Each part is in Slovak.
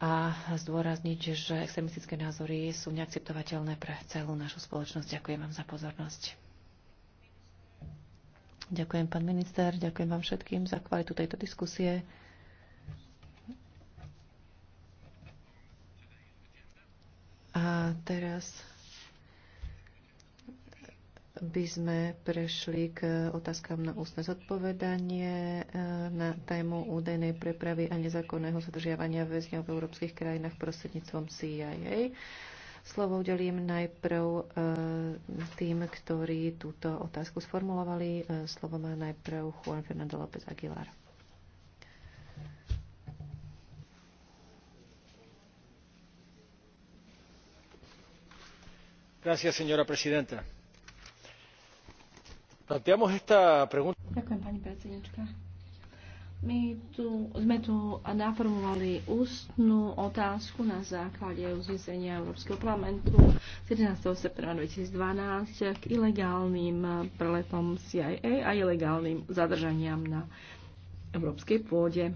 a zdôrazniť, že extremistické názory sú neakceptovateľné pre celú našu spoločnosť. Ďakujem vám za pozornosť. Ďakujem, pán minister, ďakujem vám všetkým za kvalitu tejto diskusie. A teraz by sme prešli k eh, otázkam na ústne zodpovedanie eh, na tému údajnej prepravy a nezákonného zadržiavania väzňov v európskych krajinách prostredníctvom CIA. Slovo udelím najprv eh, tým, ktorí túto otázku sformulovali. Slovo má najprv Juan Fernando López Aguilar. Gracias, señora presidenta Ďakujem, pani predsednička. My tu, sme tu naformovali ústnu otázku na základe uznesenia Európskeho parlamentu z 11. septembra 2012 k ilegálnym preletom CIA a ilegálnym zadržaniam na európskej pôde.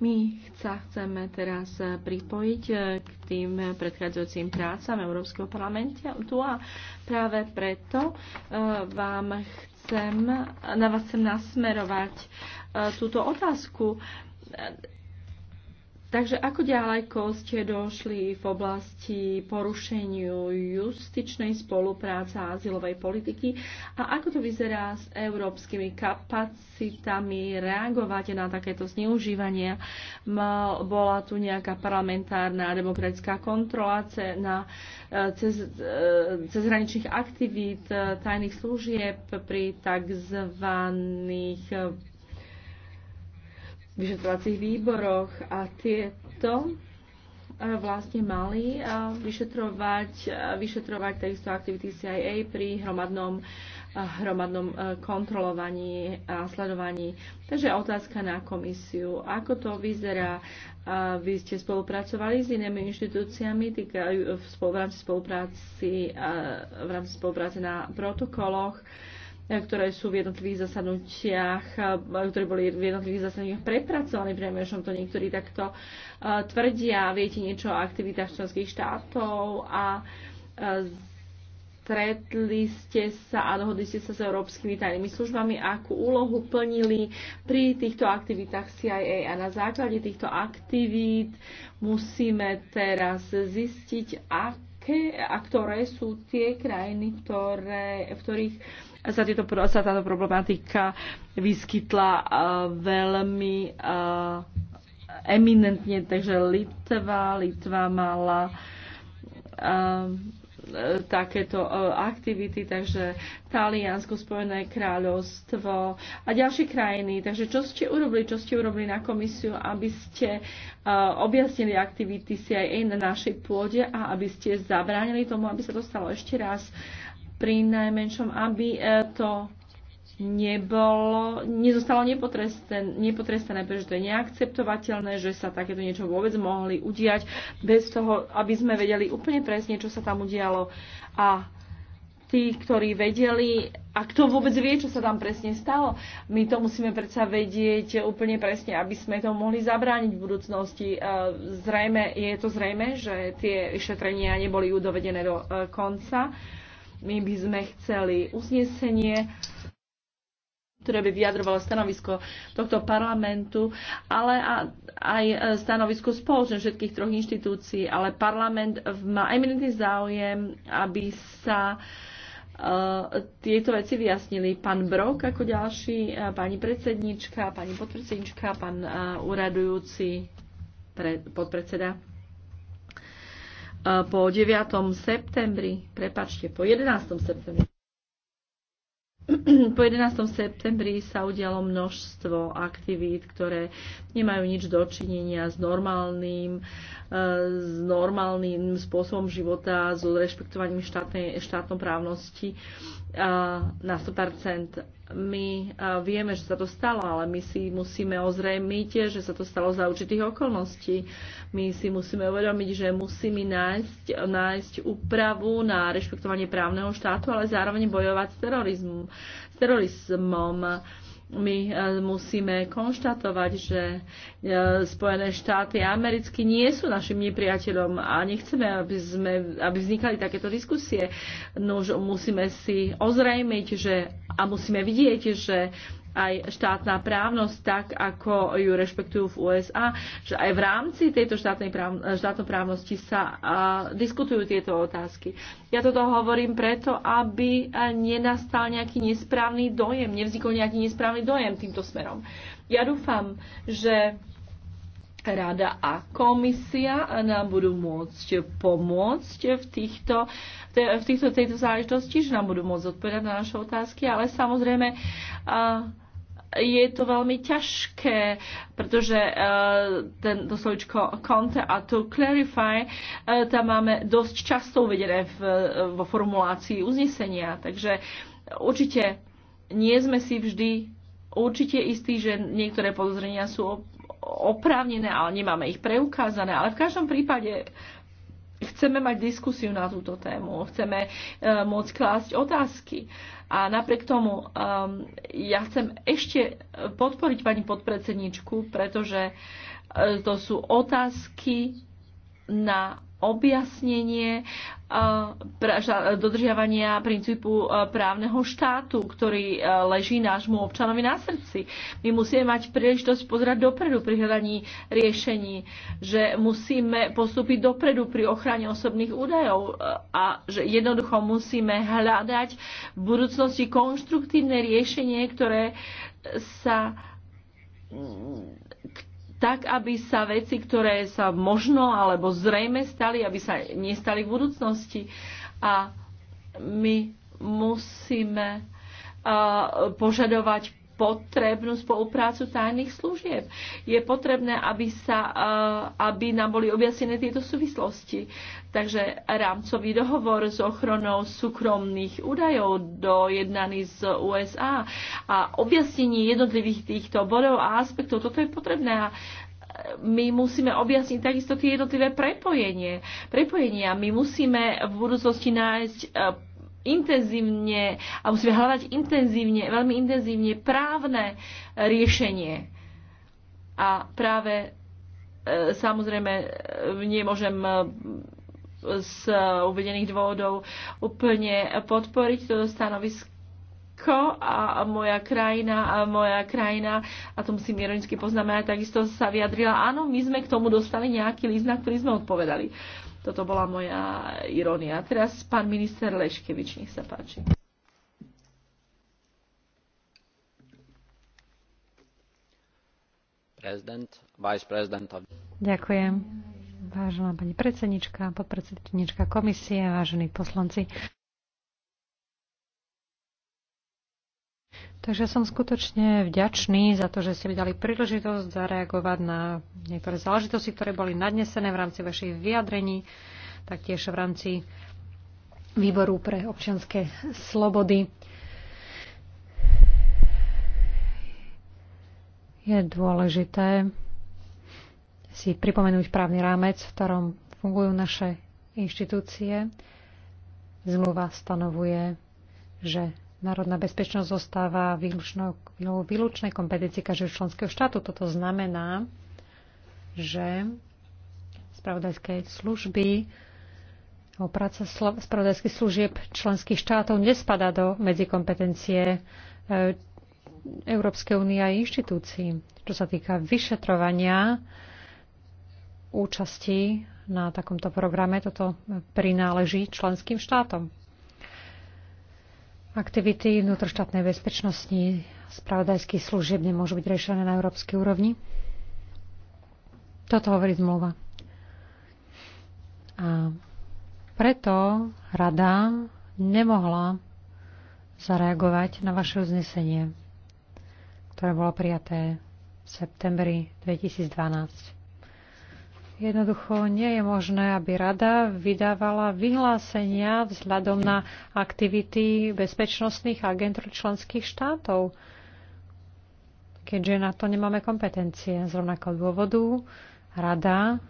My sa chceme teraz pripojiť eh, k tým predchádzajúcim prácam Európskeho parlamentu a práve preto eh, vám chcem, na vás chcem nasmerovať eh, túto otázku Takže ako ďaleko ste došli v oblasti porušeniu justičnej spolupráce a azylovej politiky a ako to vyzerá s európskymi kapacitami reagovať na takéto zneužívania? Mal, bola tu nejaká parlamentárna demokratická kontrola na e, cez, e, cezhraničných aktivít e, tajných služieb pri tzv vyšetrovacích výboroch a tieto e, vlastne mali e, vyšetrovať, e, vyšetrovať takisto aktivity CIA pri hromadnom, hromadnom kontrolovaní a sledovaní. Takže otázka na komisiu. Ako to vyzerá? Vy ste spolupracovali s inými inštitúciami týkajú v rámci spolupráci, v rámci spolupráce na protokoloch. E, ktoré sú v jednotlivých zasadnutiach, e, ktoré boli v jednotlivých zasadnutiach prepracované, priamožom to niektorí takto e, tvrdia, viete niečo o aktivitách členských štátov a stretli ste sa a dohodli ste sa s európskymi tajnými službami, akú úlohu plnili pri týchto aktivitách CIA a na základe týchto aktivít musíme teraz zistiť, aké a ktoré sú tie krajiny, ktoré, v ktorých sa, tieto, sa táto problematika vyskytla eh, veľmi eh, eminentne, takže Litva, Litva mala eh, takéto aktivity, takže Taliansko, Spojené kráľovstvo a ďalšie krajiny. Takže čo ste urobili, čo ste urobili na komisiu, aby ste objasnili aktivity CIA na našej pôde a aby ste zabránili tomu, aby sa to stalo ešte raz pri najmenšom, aby e, to nebolo, nezostalo nepotrestené, nepotrestené, pretože to je neakceptovateľné, že sa takéto niečo vôbec mohli udiať bez toho, aby sme vedeli úplne presne, čo sa tam udialo. A tí, ktorí vedeli, a kto vôbec vie, čo sa tam presne stalo, my to musíme predsa vedieť úplne presne, aby sme to mohli zabrániť v budúcnosti. E, zrejme, je to zrejme, že tie vyšetrenia neboli udovedené do e, konca my by sme chceli uznesenie, ktoré by vyjadrovalo stanovisko tohto parlamentu, ale aj e, stanovisko spoločne všetkých troch inštitúcií. Ale parlament má eminentný záujem, aby sa e, tieto veci vyjasnili pán Brok ako ďalší, e, pani predsednička, pani podpredsednička, pán úradujúci podpredseda. Eh, po 9. septembri, prepačte, po 11. septembri. Po 11. septembri sa udialo množstvo aktivít, ktoré nemajú nič dočinenia s normálnym, eh, s normálnym spôsobom života, s rešpektovaním štátnej, štátnom právnosti na 100 my vieme, že sa to stalo, ale my si musíme ozrejmiť, že sa to stalo za určitých okolností. My si musíme uvedomiť, že musíme nájsť, nájsť úpravu na rešpektovanie právneho štátu, ale zároveň bojovať s terorizmom. S terorizmom my e, musíme konštatovať, že e, Spojené štáty americky nie sú našim nepriateľom a nechceme, aby, sme, aby vznikali takéto diskusie. Nož musíme si ozrejmiť, že a musíme vidieť, že aj štátna právnosť tak, ako ju rešpektujú v USA, že aj v rámci tejto štátnej práv- právnosti sa a, diskutujú tieto otázky. Ja toto hovorím preto, aby nenastal nejaký nesprávny dojem, nevznikol nejaký nesprávny dojem týmto smerom. Ja dúfam, že Rada a komisia nám budú môcť pomôcť v týchto, v týchto tejto záležitosti, že nám budú môcť odpovedať na naše otázky, ale samozrejme je to veľmi ťažké, pretože uh, ten, to slovičko a to clarify uh, tam máme dosť často uvedené v, eh, vo formulácii uznesenia. Takže určite nie sme si vždy určite istí, že niektoré podozrenia sú oprávnené, ale nemáme ich preukázané. Ale v každom prípade Chceme mať diskusiu na túto tému, chceme e, môcť klásť otázky. A napriek tomu um, ja chcem ešte podporiť pani podpredsedničku, pretože e, to sú otázky na objasnenie dodržiavania princípu právneho štátu, ktorý leží nášmu občanovi na srdci. My musíme mať príležitosť pozerať dopredu pri hľadaní riešení, že musíme postúpiť dopredu pri ochrane osobných údajov a že jednoducho musíme hľadať v budúcnosti konštruktívne riešenie, ktoré sa tak aby sa veci, ktoré sa možno alebo zrejme stali, aby sa nestali v budúcnosti. A my musíme požadovať potrebnú spoluprácu tajných služieb. Je potrebné, aby, sa, eh, aby nám boli objasnené tieto súvislosti. Takže rámcový dohovor s ochronou súkromných údajov dojednaný z USA a objasnenie jednotlivých týchto bodov a aspektov, toto je potrebné. A eh, my musíme objasniť takisto tie jednotlivé prepojenie. Prepojenia. My musíme v budúcnosti nájsť eh, intenzívne a musíme hľadať intenzívne, veľmi intenzívne právne e, riešenie. A práve e, samozrejme e, nemôžem z uvedených dôvodov úplne podporiť toto stanovisko a moja krajina, a moja krajina, a to musím ironicky poznamenať, takisto sa vyjadrila, áno, my sme k tomu dostali nejaký list, na ktorý sme odpovedali. Toto bola moja irónia. Teraz pán minister Leškevič, nech sa páči. President, vice president of... Ďakujem. Vážená pani predsednička, podpredsednička komisie, vážení poslanci. Takže som skutočne vďačný za to, že ste mi dali príležitosť zareagovať na niektoré záležitosti, ktoré boli nadnesené v rámci vašich vyjadrení, taktiež v rámci výboru pre občianske slobody. Je dôležité si pripomenúť právny rámec, v ktorom fungujú naše inštitúcie. Zmluva stanovuje, že národná bezpečnosť zostáva výlučnou, no, výlučnej kompetencii každého členského štátu. Toto znamená, že spravodajské služby o práca spravodajských služieb členských štátov nespadá do medzi kompetencie e, Európskej únie a inštitúcií. Čo sa týka vyšetrovania účasti na takomto programe, toto prináleží členským štátom. Aktivity vnútroštátnej bezpečnosti spravodajských služieb nemôžu byť riešené na európskej úrovni. Toto hovorí zmluva. A preto rada nemohla zareagovať na vaše uznesenie, ktoré bolo prijaté v septembri 2012. Jednoducho nie je možné, aby rada vydávala vyhlásenia vzhľadom na aktivity bezpečnostných agentúr členských štátov, keďže na to nemáme kompetencie. Z rovnakého dôvodu rada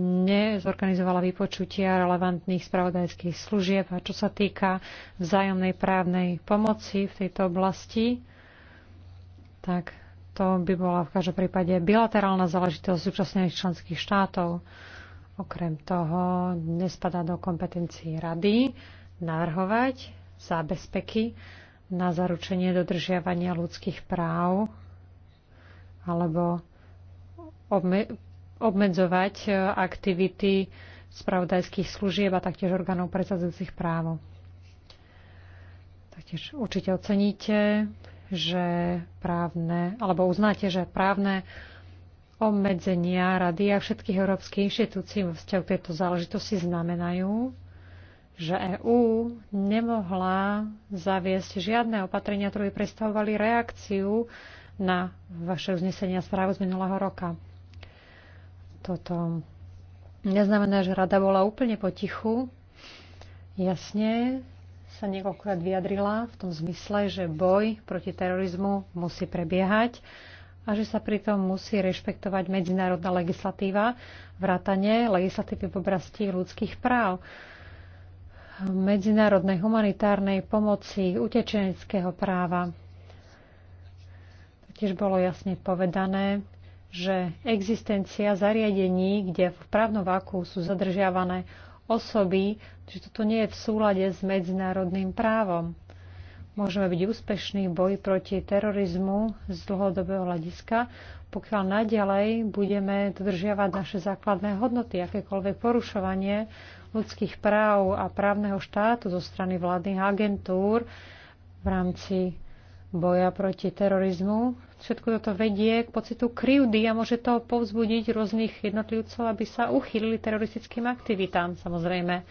nezorganizovala vypočutia relevantných spravodajských služieb a čo sa týka vzájomnej právnej pomoci v tejto oblasti, tak to by bola v každom prípade bilaterálna záležitosť súčasných členských štátov. Okrem toho nespadá do kompetencií rady navrhovať zábezpeky na zaručenie dodržiavania ľudských práv alebo obme- obmedzovať e, aktivity spravodajských služieb a taktiež orgánov predsadzujúcich právo. Taktiež určite oceníte že právne, alebo uznáte, že právne obmedzenia rady a všetkých európskych inštitúcií vo vzťahu k tejto záležitosti znamenajú, že EÚ nemohla zaviesť žiadne opatrenia, ktoré by predstavovali reakciu na vaše uznesenia správu z minulého roka. Toto neznamená, že rada bola úplne potichu. Jasne, sa niekoľkokrát vyjadrila v tom zmysle, že boj proti terorizmu musí prebiehať a že sa pritom musí rešpektovať medzinárodná legislatíva, vrátanie legislatívy v oblasti ľudských práv, medzinárodnej humanitárnej pomoci, utečeneckého práva. tiež bolo jasne povedané, že existencia zariadení, kde v právnom váku sú zadržiavané osoby, že toto nie je v súlade s medzinárodným právom. Môžeme byť úspešní v boji proti terorizmu z dlhodobého hľadiska, pokiaľ naďalej budeme dodržiavať naše základné hodnoty, akékoľvek porušovanie ľudských práv a právneho štátu zo strany vládnych agentúr v rámci boja proti terorizmu. Všetko toto vedie k pocitu krivdy a môže to povzbudiť rôznych jednotlivcov, aby sa uchýlili teroristickým aktivitám. Samozrejme,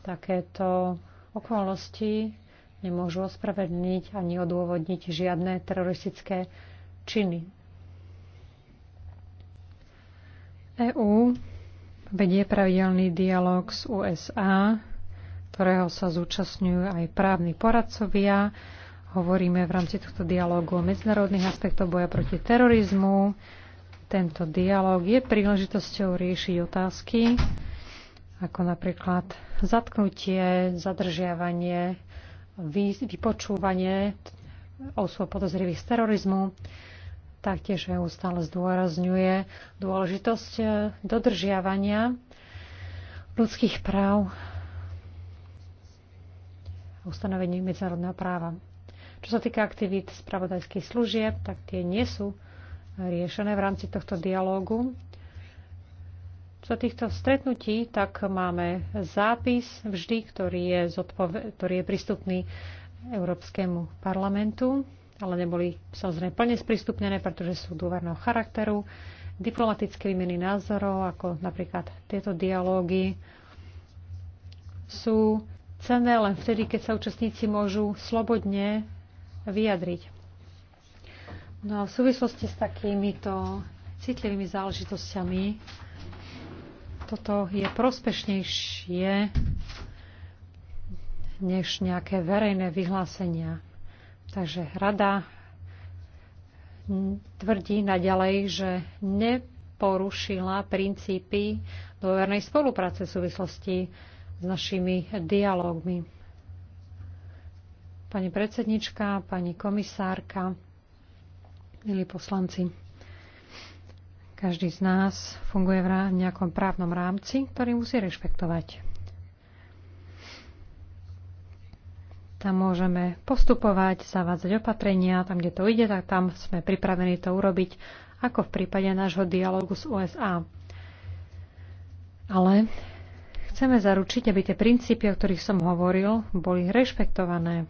takéto okolnosti nemôžu ospravedlniť ani odôvodniť žiadne teroristické činy. EÚ vedie pravidelný dialog s USA, ktorého sa zúčastňujú aj právni poradcovia, hovoríme v rámci tohto dialógu o medzinárodných aspektoch boja proti terorizmu. Tento dialóg je príležitosťou riešiť otázky, ako napríklad zatknutie, zadržiavanie, vypočúvanie osôb podozrivých z terorizmu. Taktiež EU stále zdôrazňuje dôležitosť dodržiavania ľudských práv ustanovení medzinárodného práva. Čo sa týka aktivít spravodajských služieb, tak tie nie sú riešené v rámci tohto dialógu. Čo týchto stretnutí, tak máme zápis vždy, ktorý je, zodpove- ktorý je prístupný Európskemu parlamentu, ale neboli samozrejme plne sprístupnené, pretože sú dôverného charakteru. Diplomatické výmeny názorov, ako napríklad tieto dialógy, sú cenné len vtedy, keď sa účastníci môžu slobodne vyjadriť. No a v súvislosti s takýmito citlivými záležitosťami toto je prospešnejšie než nejaké verejné vyhlásenia. Takže rada tvrdí naďalej, že neporušila princípy dôvernej spolupráce v súvislosti s našimi dialógmi. Pani predsednička, pani komisárka, milí poslanci, každý z nás funguje v nejakom právnom rámci, ktorý musí rešpektovať. Tam môžeme postupovať, zavádzať opatrenia, tam, kde to ide, tak tam sme pripravení to urobiť, ako v prípade nášho dialogu s USA. Ale chceme zaručiť, aby tie princípy, o ktorých som hovoril, boli rešpektované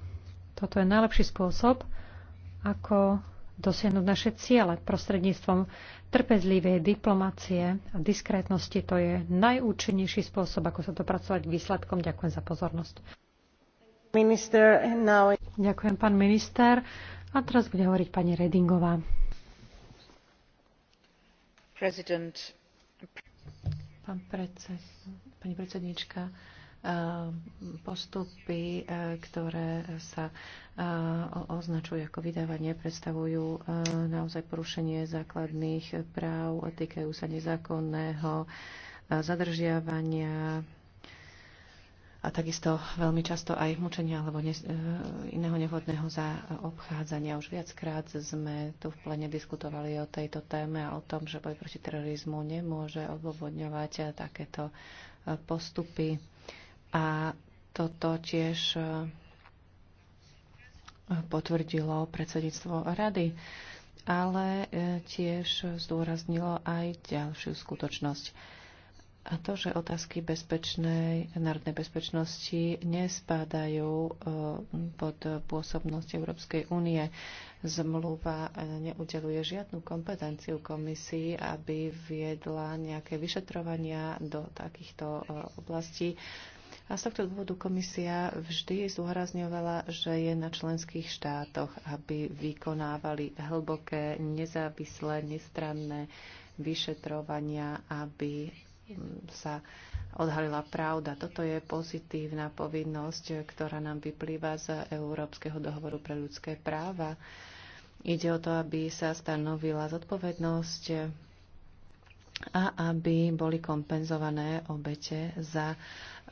toto je najlepší spôsob, ako dosiahnuť naše ciele prostredníctvom trpezlivej diplomácie a diskrétnosti. To je najúčinnejší spôsob, ako sa dopracovať k výsledkom. Ďakujem za pozornosť. Minister, now... Ďakujem, pán minister. A teraz bude hovoriť pani Redingová. President. Pán predsed, pani predsednička, Ehm, postupy, ehm, ktoré sa ehm, označujú ako vydávanie, predstavujú naozaj porušenie základných práv, týkajú sa nezákonného zadržiavania a takisto veľmi často aj mučenia alebo ne, iného nevhodného za obchádzania. Už viackrát sme tu v plene diskutovali o tejto téme a o tom, že boj proti terorizmu nemôže obvodňovať eh, takéto eh, postupy. A toto tiež e, potvrdilo predsedníctvo rady, ale e, tiež zdôraznilo aj ďalšiu skutočnosť. A to, že otázky bezpečnej, národnej bezpečnosti nespadajú e, pod pôsobnosť Európskej únie. Zmluva neudeluje žiadnu kompetenciu komisii, aby viedla nejaké vyšetrovania do takýchto oblastí. A z tohto dôvodu komisia vždy zúhrazňovala, že je na členských štátoch, aby vykonávali hlboké, nezávislé, nestranné vyšetrovania, aby mm, sa odhalila pravda. Toto je pozitívna povinnosť, ktorá nám vyplýva z Európskeho dohovoru pre ľudské práva. Ide o to, aby sa stanovila zodpovednosť a aby boli kompenzované obete za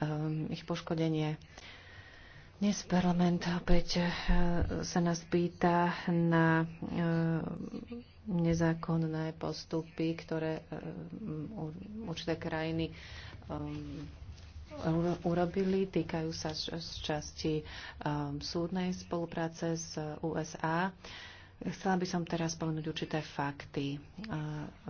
Ehm, ich poškodenie. Dnes parlament opäť eh, sa nás pýta na eh, nezákonné postupy, ktoré eh, určité krajiny ehm, urobili. Týkajú sa z časti ehm, súdnej spolupráce s USA. Chcela by som teraz spomenúť určité fakty.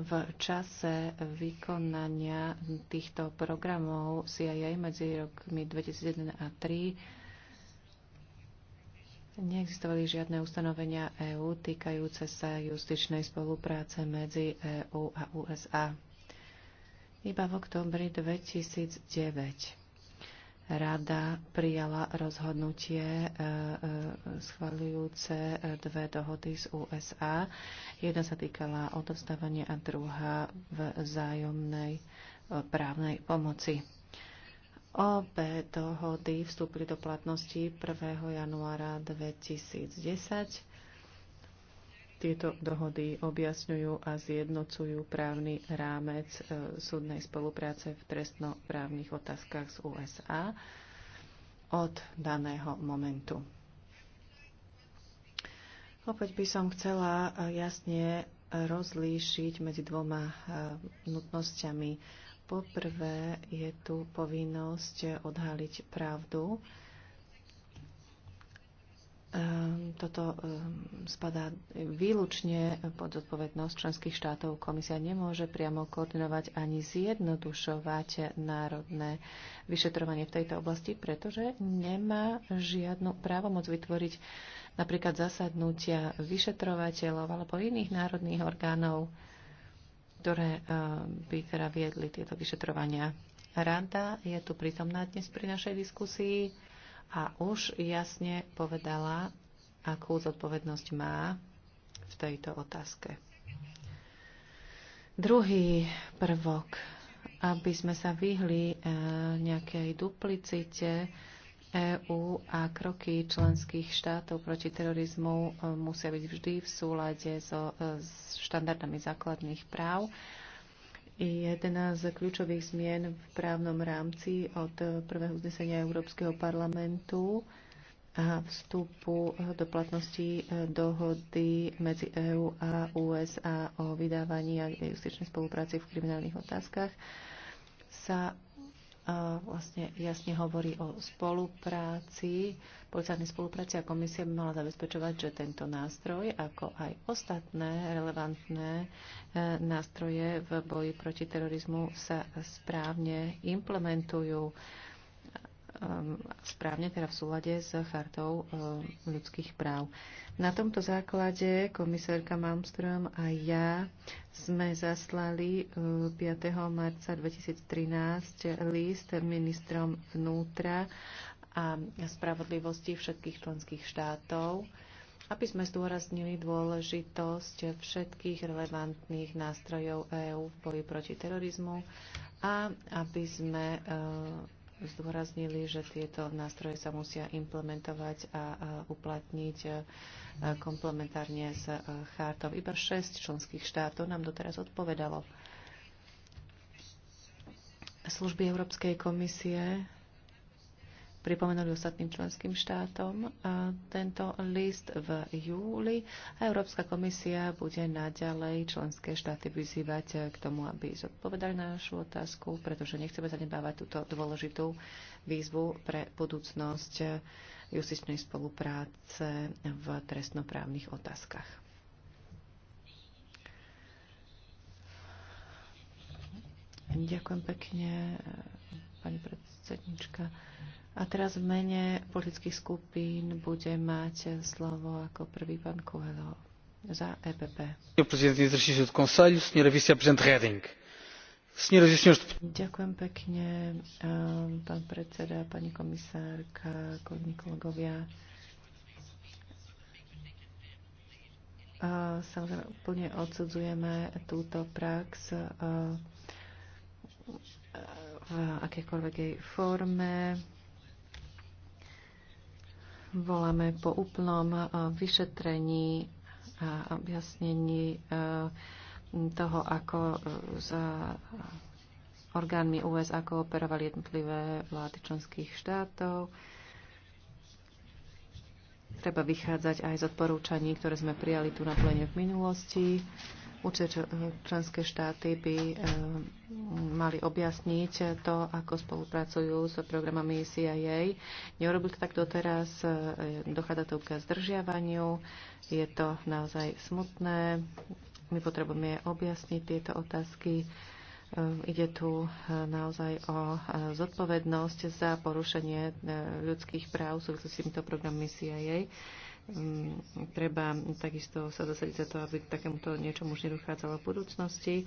V čase vykonania týchto programov CIA medzi rokmi 2001 a 2003 neexistovali žiadne ustanovenia EÚ týkajúce sa justičnej spolupráce medzi EÚ a USA. Iba v oktobri 2009 Rada prijala rozhodnutie e, e, schvaľujúce e, dve dohody z USA. Jedna sa týkala odostávania a druhá v zájomnej právnej pomoci. Obe dohody vstúpili do platnosti 1. januára 2010 tieto dohody objasňujú a zjednocujú právny rámec e, súdnej spolupráce v trestnoprávnych otázkach z USA od daného momentu. Opäť by som chcela e, jasne rozlíšiť medzi dvoma e, nutnosťami. Poprvé je tu povinnosť odhaliť pravdu Ehm, toto ehm, spadá výlučne pod zodpovednosť členských štátov. Komisia nemôže priamo koordinovať ani zjednodušovať národné vyšetrovanie v tejto oblasti, pretože nemá žiadnu právomoc vytvoriť napríklad zasadnutia vyšetrovateľov alebo iných národných orgánov, ktoré ehm, by teda viedli tieto vyšetrovania. Rada je tu prítomná dnes pri našej diskusii a už jasne povedala, akú zodpovednosť má v tejto otázke. Druhý prvok, aby sme sa vyhli e, nejakej duplicite, EÚ a kroky členských štátov proti terorizmu e, musia byť vždy v súlade so e, štandardami základných práv jedna z kľúčových zmien v právnom rámci od prvého uznesenia Európskeho parlamentu a vstupu do platnosti e, dohody medzi EÚ a USA o vydávaní a justičnej spolupráci v kriminálnych otázkach sa vlastne jasne hovorí o spolupráci, policajnej spolupráci a komisia by mala zabezpečovať, že tento nástroj, ako aj ostatné relevantné e, nástroje v boji proti terorizmu sa správne implementujú. Um, správne, teda v súlade s chartou um, ľudských práv. Na tomto základe komisárka Malmström a ja sme zaslali 5. Uh, marca 2013 list ministrom vnútra a spravodlivosti všetkých členských štátov, aby sme zdôraznili dôležitosť všetkých relevantných nástrojov EÚ v boji proti terorizmu a aby sme uh, zdôraznili, že tieto nástroje sa musia implementovať a uplatniť e, komplementárne s e, chartou. Iba šesť členských štátov nám doteraz odpovedalo. Služby Európskej komisie pripomenuli ostatným členským štátom tento list v júli a Európska komisia bude naďalej členské štáty vyzývať k tomu, aby zodpovedali na našu otázku, pretože nechceme zanebávať túto dôležitú výzvu pre budúcnosť justičnej spolupráce v trestnoprávnych otázkach. Ďakujem pekne, pani predsednička. A teraz v mene politických skupín bude mať slovo ako prvý pán Coelho za e EPP. E Ďakujem pekne, eh, pán predseda, pani komisárka, kolegy, kolegovia. Eh, samozrejme, úplne odsudzujeme túto prax eh, v akékoľvek jej forme Voláme po úplnom e, vyšetrení a objasnení e, toho, ako e, za orgánmi USA operovali jednotlivé vlády členských štátov. Treba vychádzať aj z odporúčaní, ktoré sme prijali tu na plene v minulosti. Určite členské štáty by e, mali objasniť to, ako spolupracujú s programami CIA. Neurobil to tak doteraz, e, dochádza to k zdržiavaniu, je to naozaj smutné. My potrebujeme objasniť tieto otázky. E, ide tu naozaj o zodpovednosť za porušenie ľudských práv v s týmito programmi CIA. Mm, treba takisto sa zasadiť za to, aby k takémuto niečomu už nedochádzalo v budúcnosti. E,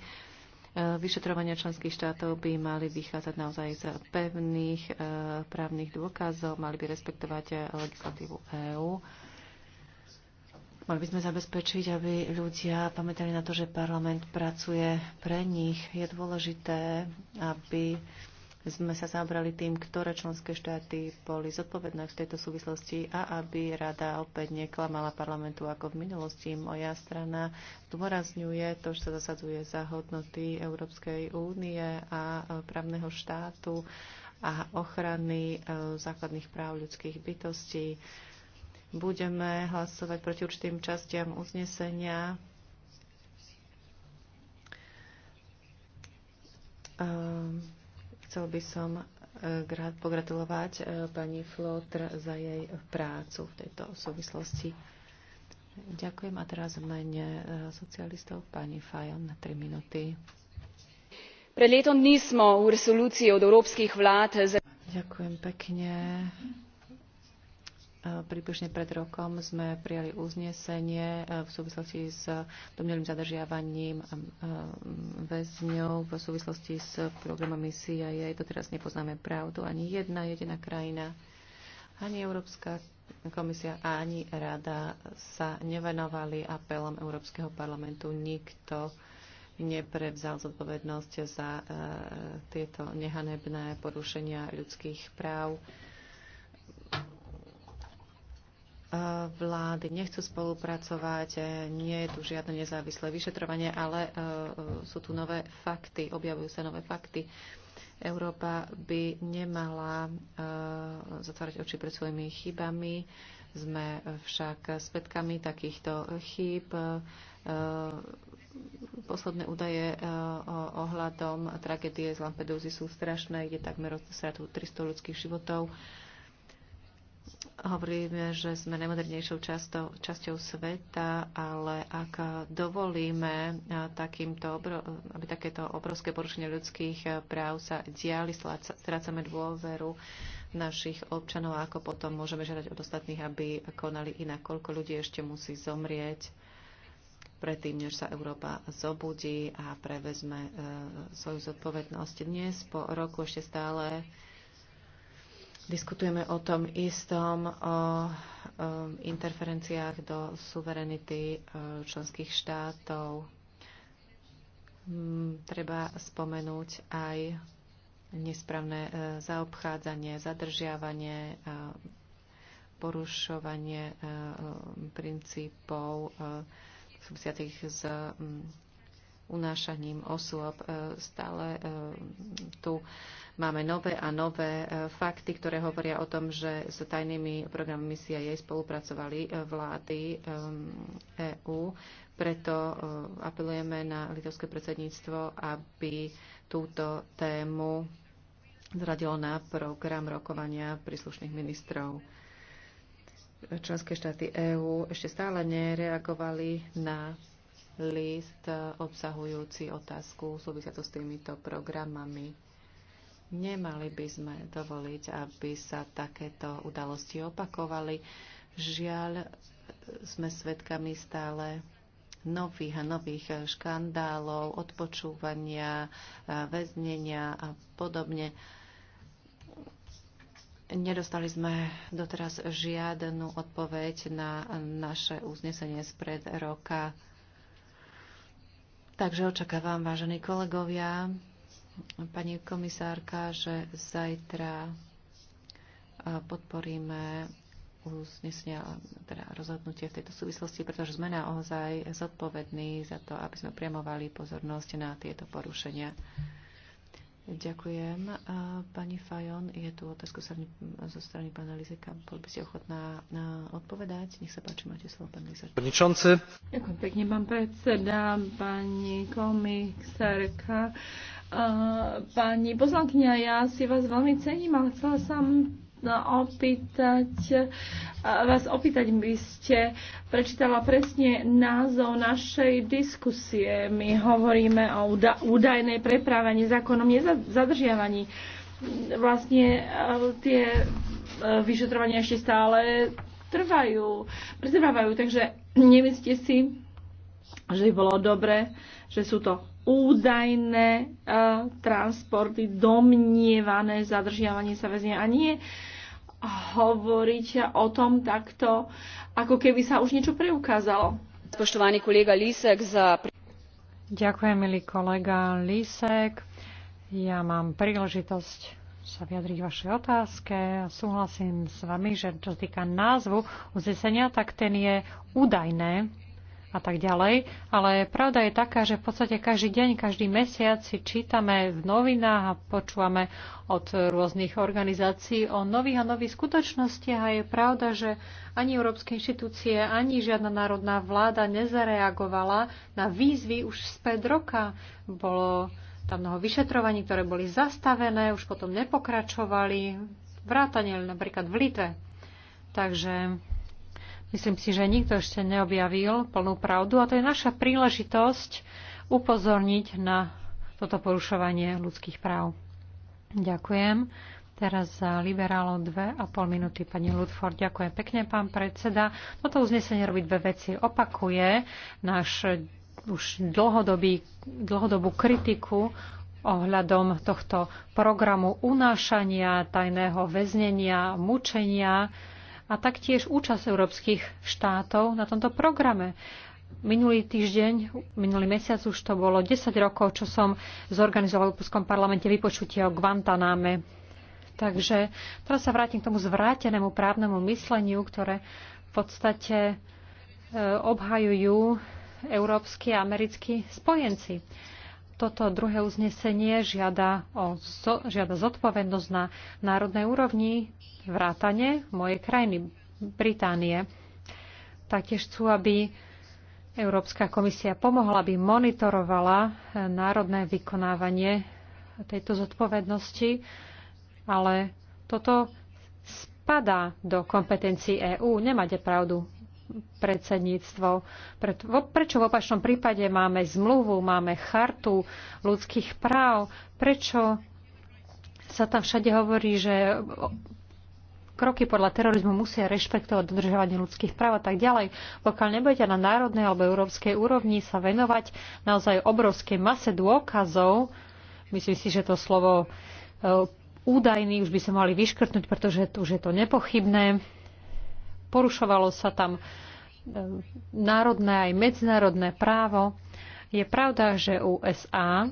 vyšetrovania členských štátov by mali vychádzať naozaj z pevných e, právnych dôkazov, mali by respektovať e, legislatívu EÚ. Mali by sme zabezpečiť, aby ľudia pamätali na to, že parlament pracuje pre nich. Je dôležité, aby sme sa zabrali tým, ktoré členské štáty boli zodpovedné v tejto súvislosti a aby rada opäť neklamala parlamentu ako v minulosti. Moja strana zdôrazňuje to, že sa zasadzuje za hodnoty Európskej únie a právneho štátu a ochrany e, základných práv ľudských bytostí. Budeme hlasovať proti určitým častiam uznesenia. Um, Chcel by som e, pogratulovať e, pani Flotr za jej prácu v tejto súvislosti. Ďakujem a teraz v mene e, socialistov pani Fajon na 3 minúty. Pred letom dní sme v resoluciji od európskych vlád. Ďakujem pekne Približne pred rokom sme prijali uznesenie e, v súvislosti s domnelým zadržiavaním e, väzňov v súvislosti s programom CIA. To teraz nepoznáme pravdu. Ani jedna jediná krajina, ani Európska komisia, ani rada sa nevenovali apelom Európskeho parlamentu. Nikto neprevzal zodpovednosť za e, tieto nehanebné porušenia ľudských práv vlády nechcú spolupracovať, e, nie je tu žiadne nezávislé vyšetrovanie, ale e, e, sú tu nové fakty, objavujú sa nové fakty. Európa by nemala zatvárať oči pred svojimi chybami. Sme však svetkami takýchto chýb. Posledné údaje ohľadom tragédie z Lampedusy sú strašné. Ide takmer o stratu 300 ľudských životov. Hovoríme, že sme najmodernejšou často, časťou sveta, ale ak dovolíme takýmto, aby takéto obrovské porušenie ľudských práv sa diali, strácame dôveru našich občanov a ako potom môžeme žiadať od ostatných, aby konali inak. Koľko ľudí ešte musí zomrieť predtým, než sa Európa zobudí a prevezme e, svoju zodpovednosť. Dnes po roku ešte stále Diskutujeme o tom istom, o interferenciách do suverenity e, členských štátov. Mm, treba spomenúť aj nesprávne e, zaobchádzanie, zadržiavanie, e, porušovanie princípov súvisiacich s mm, unášaním osôb. Stále tu Máme nové a nové e, fakty, ktoré hovoria o tom, že s tajnými programmi CIA spolupracovali e, vlády EÚ. E Preto apelujeme na litovské predsedníctvo, aby túto tému zradilo na program rokovania príslušných ministrov členské štáty EÚ ešte stále nereagovali na list obsahujúci otázku súvisiacu s týmito programami. Nemali by sme dovoliť, aby sa takéto udalosti opakovali. Žiaľ, sme svedkami stále nových a nových škandálov, odpočúvania, väznenia a podobne. Nedostali sme doteraz žiadnu odpoveď na naše uznesenie spred roka. Takže očakávam, vážení kolegovia, pani komisárka, že zajtra podporíme uznesenia, teda rozhodnutie v tejto súvislosti, pretože sme naozaj zodpovední za to, aby sme priamovali pozornosť na tieto porušenia. Ďakujem. Pani Fajon, je tu otázku zo strany pána Lizeka. Bol by ste ochotná odpovedať? Nech sa páči, máte slovo, pán Lizek. Ďakujem pekne, pán predseda, pani komisárka. Pani poslankyňa, ja si vás veľmi cením, ale chcela som no, opýtať, vás opýtať, by ste prečítala presne názov našej diskusie. My hovoríme o údajnej preprave nezákonnom nezadržiavaní. Vlastne e, tie e, vyšetrovania ešte stále trvajú, pretrvávajú, takže nemyslíte si, že by bolo dobre, že sú to údajné e, transporty, domnievané zadržiavanie sa väzňa a nie hovoriť o tom takto, ako keby sa už niečo preukázalo. Spoštovaný kolega Lisek za... Ďakujem, milý kolega Lisek. Ja mám príležitosť sa vyjadriť vašej otázke. a Súhlasím s vami, že čo týka názvu uznesenia, tak ten je údajné a tak ďalej. Ale pravda je taká, že v podstate každý deň, každý mesiac si čítame v novinách a počúvame od rôznych organizácií o nových a nových skutočnostiach a je pravda, že ani európske inštitúcie, ani žiadna národná vláda nezareagovala na výzvy už z 5 roka. Bolo tam mnoho vyšetrovaní, ktoré boli zastavené, už potom nepokračovali, Vrátanie napríklad v Litve. Takže Myslím si, že nikto ešte neobjavil plnú pravdu a to je naša príležitosť upozorniť na toto porušovanie ľudských práv. Ďakujem. Teraz za liberálo dve a pol minúty pani Ludford. Ďakujem pekne, pán predseda. Toto uznesenie robí dve veci. Opakuje náš už dlhodobý, dlhodobú kritiku ohľadom tohto programu unášania, tajného väznenia, mučenia, a taktiež účasť európskych štátov na tomto programe. Minulý týždeň, minulý mesiac už to bolo 10 rokov, čo som zorganizoval v Európskom parlamente vypočutie o Guantaname. Takže teraz sa vrátim k tomu zvrátenému právnemu mysleniu, ktoré v podstate e, obhajujú európsky a americkí spojenci toto druhé uznesenie žiada, o, zo, žiada zodpovednosť na národnej úrovni vrátane mojej krajiny Británie. Taktiež chcú, aby Európska komisia pomohla, aby monitorovala eh, národné vykonávanie tejto zodpovednosti, ale toto spadá do kompetencií EÚ. Nemáte pravdu, predsedníctvo. Prečo v opačnom prípade máme zmluvu, máme chartu ľudských práv? Prečo sa tam všade hovorí, že kroky podľa terorizmu musia rešpektovať dodržovanie ľudských práv a tak ďalej. Pokiaľ nebudete na národnej alebo európskej úrovni sa venovať naozaj obrovskej mase dôkazov, myslím si, že to slovo e, údajný už by sa mali vyškrtnúť, pretože už je to nepochybné porušovalo sa tam e, národné aj medzinárodné právo. Je pravda, že USA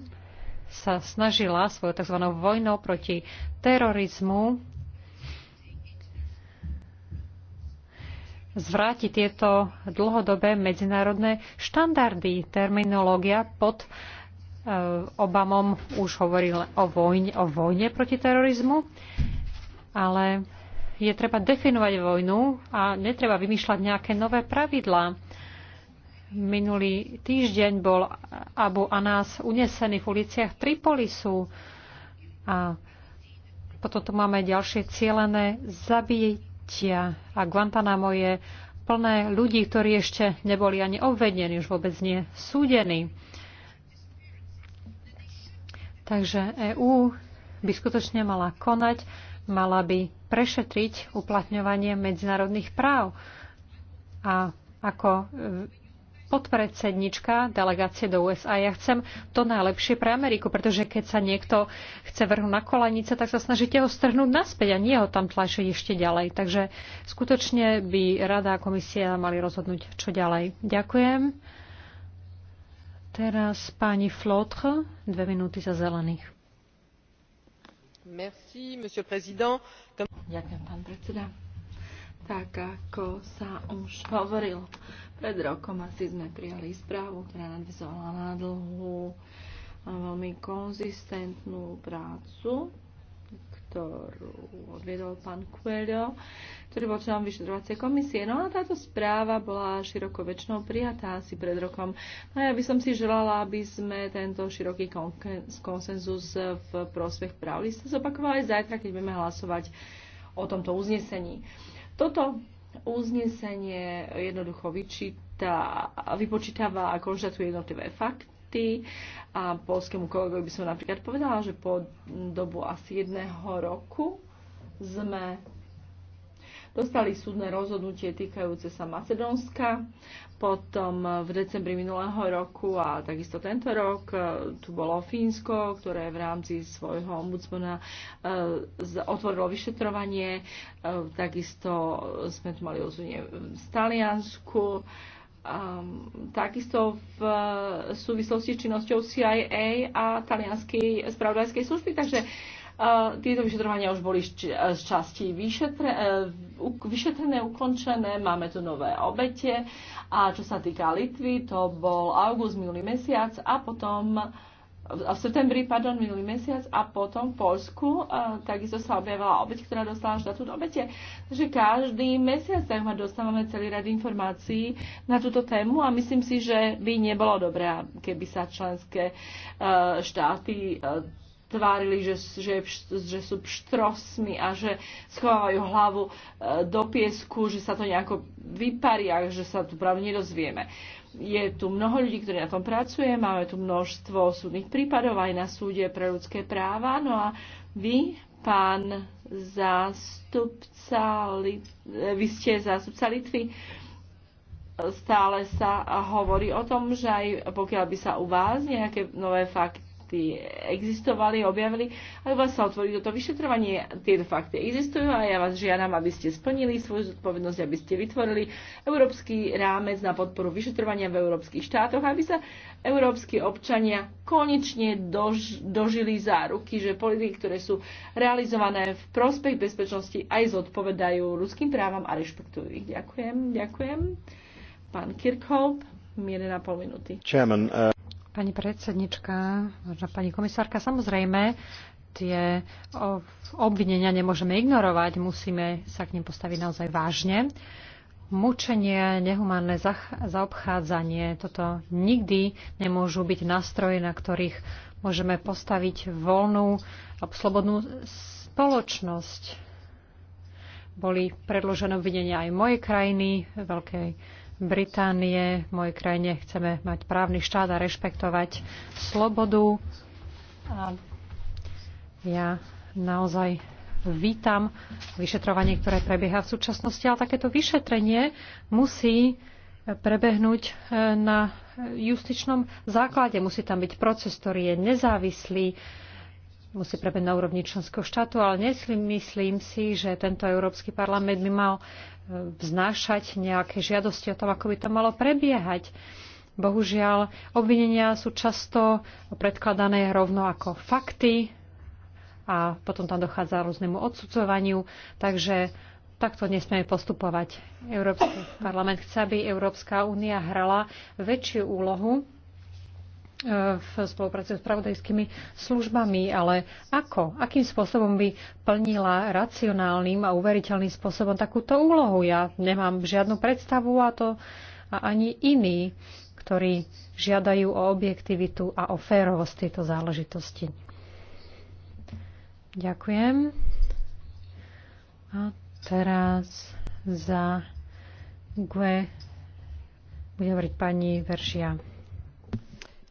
sa snažila svojou tzv. vojnou proti terorizmu zvrátiť tieto dlhodobé medzinárodné štandardy. Terminológia pod e, Obamom už hovoril o vojne, o vojne proti terorizmu, ale je treba definovať vojnu a netreba vymýšľať nejaké nové pravidlá. Minulý týždeň bol Abu Anás unesený v uliciach Tripolisu a potom tu máme ďalšie cielené zabitia a Guantanamo je plné ľudí, ktorí ešte neboli ani obvedení, už vôbec nie súdení. Takže EÚ by skutočne mala konať mala by prešetriť uplatňovanie medzinárodných práv. A ako e, podpredsednička delegácie do USA. Ja chcem to najlepšie pre Ameriku, pretože keď sa niekto chce vrhnúť na kolanice, tak sa snažíte ho strhnúť naspäť a nie ho tam tlačiť ešte ďalej. Takže skutočne by Rada a komisia mali rozhodnúť, čo ďalej. Ďakujem. Teraz pani Flotre, dve minúty za zelených. Merci, monsieur Tak ako sa už hovoril pred rokom asi sme prijali správu, ktorá nadvizovala na dlhú veľmi konzistentnú prácu ktorú odviedol pán Coelho, ktorý bol členom vyšetrovacej komisie. No a táto správa bola široko väčšinou prijatá asi pred rokom. No ja by som si želala, aby sme tento široký konsenzus v prospech pravdy sa zopakovali zajtra, keď budeme hlasovať o tomto uznesení. Toto uznesenie jednoducho vyčíta, vypočítava a konštatuje jednotlivé fakty fakty a polskému kolegovi by som napríklad povedala, že po dobu asi jedného roku sme dostali súdne rozhodnutie týkajúce sa Macedónska, potom v decembri minulého roku a takisto tento rok e, tu bolo Fínsko, ktoré v rámci svojho ombudsmana e, otvorilo vyšetrovanie, e, takisto sme tu mali ozunie v Taliansku, Um, takisto v eh, súvislosti s činnosťou CIA a talianskej spravodajskej služby. Takže uh, tieto vyšetrovania už boli z eh, časti vyšetre, uh, vyšetrené, ukončené, máme tu nové obete a čo sa týka Litvy, to bol august minulý mesiac a potom v septembri, pardon, minulý mesiac a potom v Polsku takisto sa objavila obeď, ktorá dostala štatút obete. Takže každý mesiac ma dostávame celý rad informácií na túto tému a myslím si, že by nebolo dobré, keby sa členské e, štáty e, tvárili, že, že, že sú pštrosmi a že schovávajú hlavu e, do piesku, že sa to nejako vyparí a že sa to práve nedozvieme. Uh, je tu mnoho ľudí, ktorí na tom pracuje, máme tu množstvo súdnych prípadov aj na súde pre ľudské práva. No a vy, pán zástupca, eh, vy ste zástupca Litvy, stále sa hovorí o tom, že aj pokiaľ by sa u vás nejaké nové fakty fakty existovali, objavili, aby vás sa otvorí toto vyšetrovanie. Tieto fakty existujú a ja vás žiadam, aby ste splnili svoju zodpovednosť, aby ste vytvorili európsky rámec na podporu vyšetrovania v európskych štátoch, aby sa európsky občania konečne dož, dožili ruky, že politiky, ktoré sú realizované v prospech bezpečnosti, aj zodpovedajú ruským právam a rešpektujú ich. Ďakujem, ďakujem. Pán na pol minúty. Chairman, uh... Pani predsednička, možno pani komisárka, samozrejme, tie obvinenia nemôžeme ignorovať, musíme sa k nim postaviť naozaj vážne. Mučenie, nehumánne zaobchádzanie, toto nikdy nemôžu byť nástroje, na ktorých môžeme postaviť voľnú a slobodnú spoločnosť. Boli predložené obvinenia aj mojej krajiny, veľkej Británie, v mojej krajine chceme mať právny štát a rešpektovať slobodu. A ja naozaj vítam vyšetrovanie, ktoré prebieha v súčasnosti, ale takéto vyšetrenie musí prebehnúť e, na justičnom základe. Musí tam byť proces, ktorý je nezávislý, musí prebehnúť na úrovni členského štátu, ale neslím, myslím si, že tento Európsky parlament by mal e, vznášať nejaké žiadosti o tom, ako by to malo prebiehať. Bohužiaľ, obvinenia sú často predkladané rovno ako fakty a potom tam dochádza rôznemu odsudzovaniu, takže takto nesmieme postupovať. Európsky parlament chce, aby Európska únia hrala väčšiu úlohu v spolupráci s pravodajskými službami, ale ako? Akým spôsobom by plnila racionálnym a uveriteľným spôsobom takúto úlohu? Ja nemám žiadnu predstavu a to a ani iní, ktorí žiadajú o objektivitu a o férovosť tejto záležitosti. Ďakujem. A teraz za GUE bude hovoriť pani Veršia.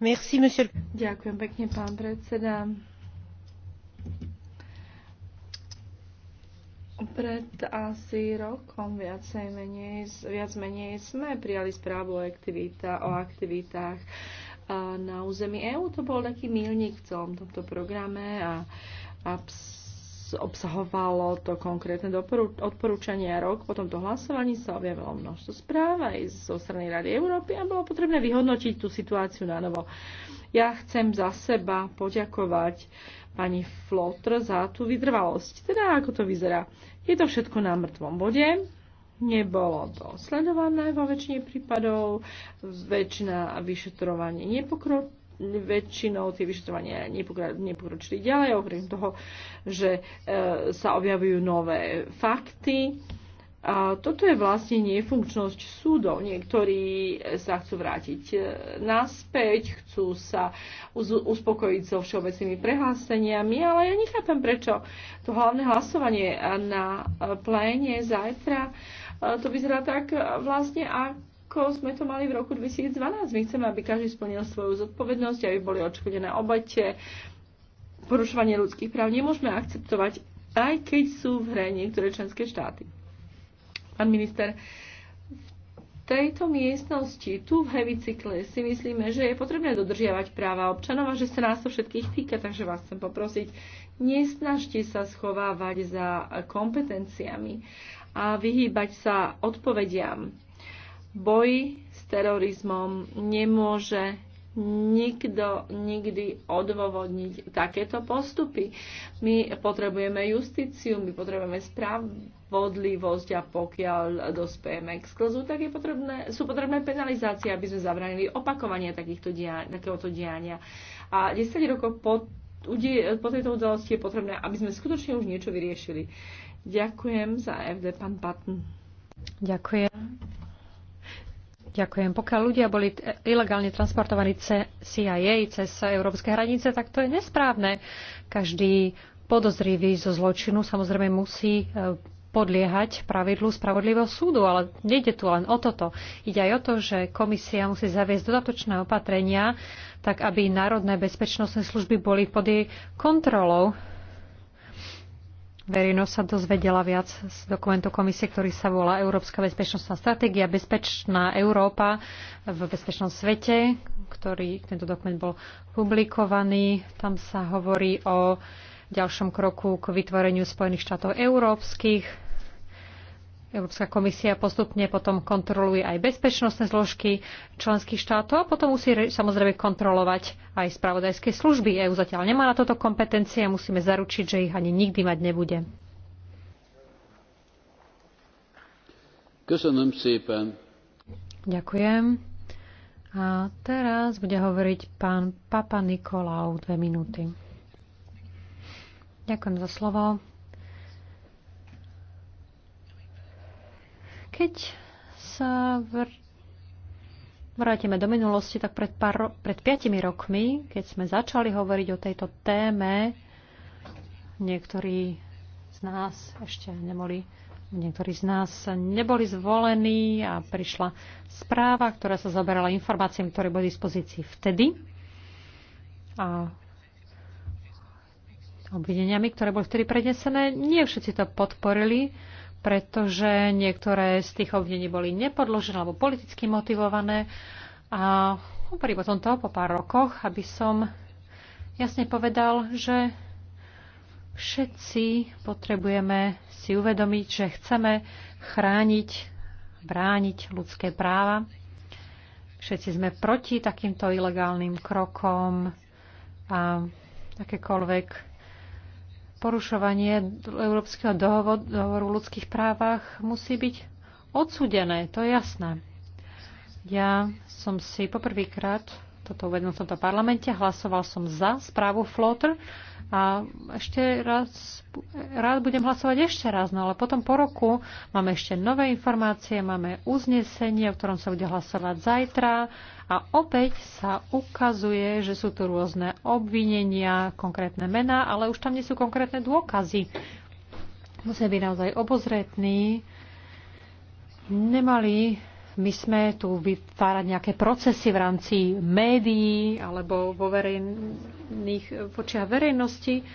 Ďakujem pán Pred asi rokom viac menej sme prijali správu o, aktivita, o aktivitách na území EÚ. To bol taký milník v celom tomto programe a, a ps, obsahovalo to konkrétne odporúčania rok. Po tomto hlasovaní sa objavilo množstvo správ aj zo strany Rady Európy a bolo potrebné vyhodnotiť tú situáciu na novo. Ja chcem za seba poďakovať pani Flotr za tú vytrvalosť. Teda ako to vyzerá. Je to všetko na mŕtvom bode, nebolo to sledované vo väčšine prípadov, väčšina vyšetrovanie nepokročila väčšinou tie vyšetrovania nepokročili ďalej, okrem toho, že e, sa objavujú nové fakty. A toto je vlastne nefunkčnosť súdov. Niektorí e, sa chcú vrátiť e, naspäť, chcú sa uspokojiť so všeobecnými prehláseniami, ale ja nechápem, prečo to hlavné hlasovanie na pléne zajtra to vyzerá tak vlastne, ako ako sme to mali v roku 2012. My chceme, aby každý splnil svoju zodpovednosť, aby boli odškodené obete, porušovanie ľudských práv. Nemôžeme akceptovať, aj keď sú v hre niektoré členské štáty. Pán minister, v tejto miestnosti, tu v Hevicykle, si myslíme, že je potrebné dodržiavať práva občanov a že sa nás to všetkých týka, takže vás chcem poprosiť, nesnažte sa schovávať za kompetenciami a vyhýbať sa odpovediam boji s terorizmom nemôže nikto nikdy odôvodniť takéto postupy. My potrebujeme justíciu, my potrebujeme spravodlivosť a pokiaľ dospejeme k sklzu, tak je potrebné, sú potrebné penalizácie, aby sme zabranili opakovanie takýchto dia, takéhoto diania. A 10 rokov po, po tejto udalosti je potrebné, aby sme skutočne už niečo vyriešili. Ďakujem za FD, pán Patton. Ďakujem. Ďakujem. Pokiaľ ľudia boli ilegálne transportovaní cez CIA, cez európske hranice, tak to je nesprávne. Každý podozrivý zo zločinu samozrejme musí e, podliehať pravidlu spravodlivého súdu, ale nejde tu len o toto. Ide aj o to, že komisia musí zaviesť dodatočné opatrenia, tak aby národné bezpečnostné služby boli pod jej kontrolou. Verejnosť sa dozvedela viac z dokumentu komisie, ktorý sa volá Európska bezpečnostná stratégia, bezpečná Európa v bezpečnom svete, ktorý tento dokument bol publikovaný. Tam sa hovorí o ďalšom kroku k vytvoreniu Spojených štátov európskych, Európska komisia postupne potom kontroluje aj bezpečnostné zložky členských štátov a potom musí samozrejme kontrolovať aj spravodajské služby. EU zatiaľ nemá na toto kompetencie a musíme zaručiť, že ich ani nikdy mať nebude. Ďakujem. A teraz bude hovoriť pán Papa Nikolau dve minúty. Ďakujem za slovo. Keď sa vr- vrátime do minulosti, tak pred, pár, pred piatimi rokmi, keď sme začali hovoriť o tejto téme, niektorí z nás ešte neboli Niektorí z nás neboli zvolení a prišla správa, ktorá sa zaberala informáciami, ktoré boli v dispozícii vtedy a obvineniami, ktoré boli vtedy prednesené. Nie všetci to podporili, pretože niektoré z tých obvinení boli nepodložené alebo politicky motivované. A hovorím o tomto po pár rokoch, aby som jasne povedal, že všetci potrebujeme si uvedomiť, že chceme chrániť, brániť ľudské práva. Všetci sme proti takýmto ilegálnym krokom a akékoľvek porušovanie Európskeho dohovoru o ľudských právach musí byť odsudené, to je jasné. Ja som si poprvýkrát toto uvedom v tomto parlamente. Hlasoval som za správu Floater a ešte raz, rád budem hlasovať ešte raz, no ale potom po roku máme ešte nové informácie, máme uznesenie, o ktorom sa bude hlasovať zajtra a opäť sa ukazuje, že sú tu rôzne obvinenia, konkrétne mená, ale už tam nie sú konkrétne dôkazy. Musíme byť naozaj obozretní, nemali my sme tu vytvárať nejaké procesy v rámci médií alebo vo verejných, eh, vočiach verejnosti.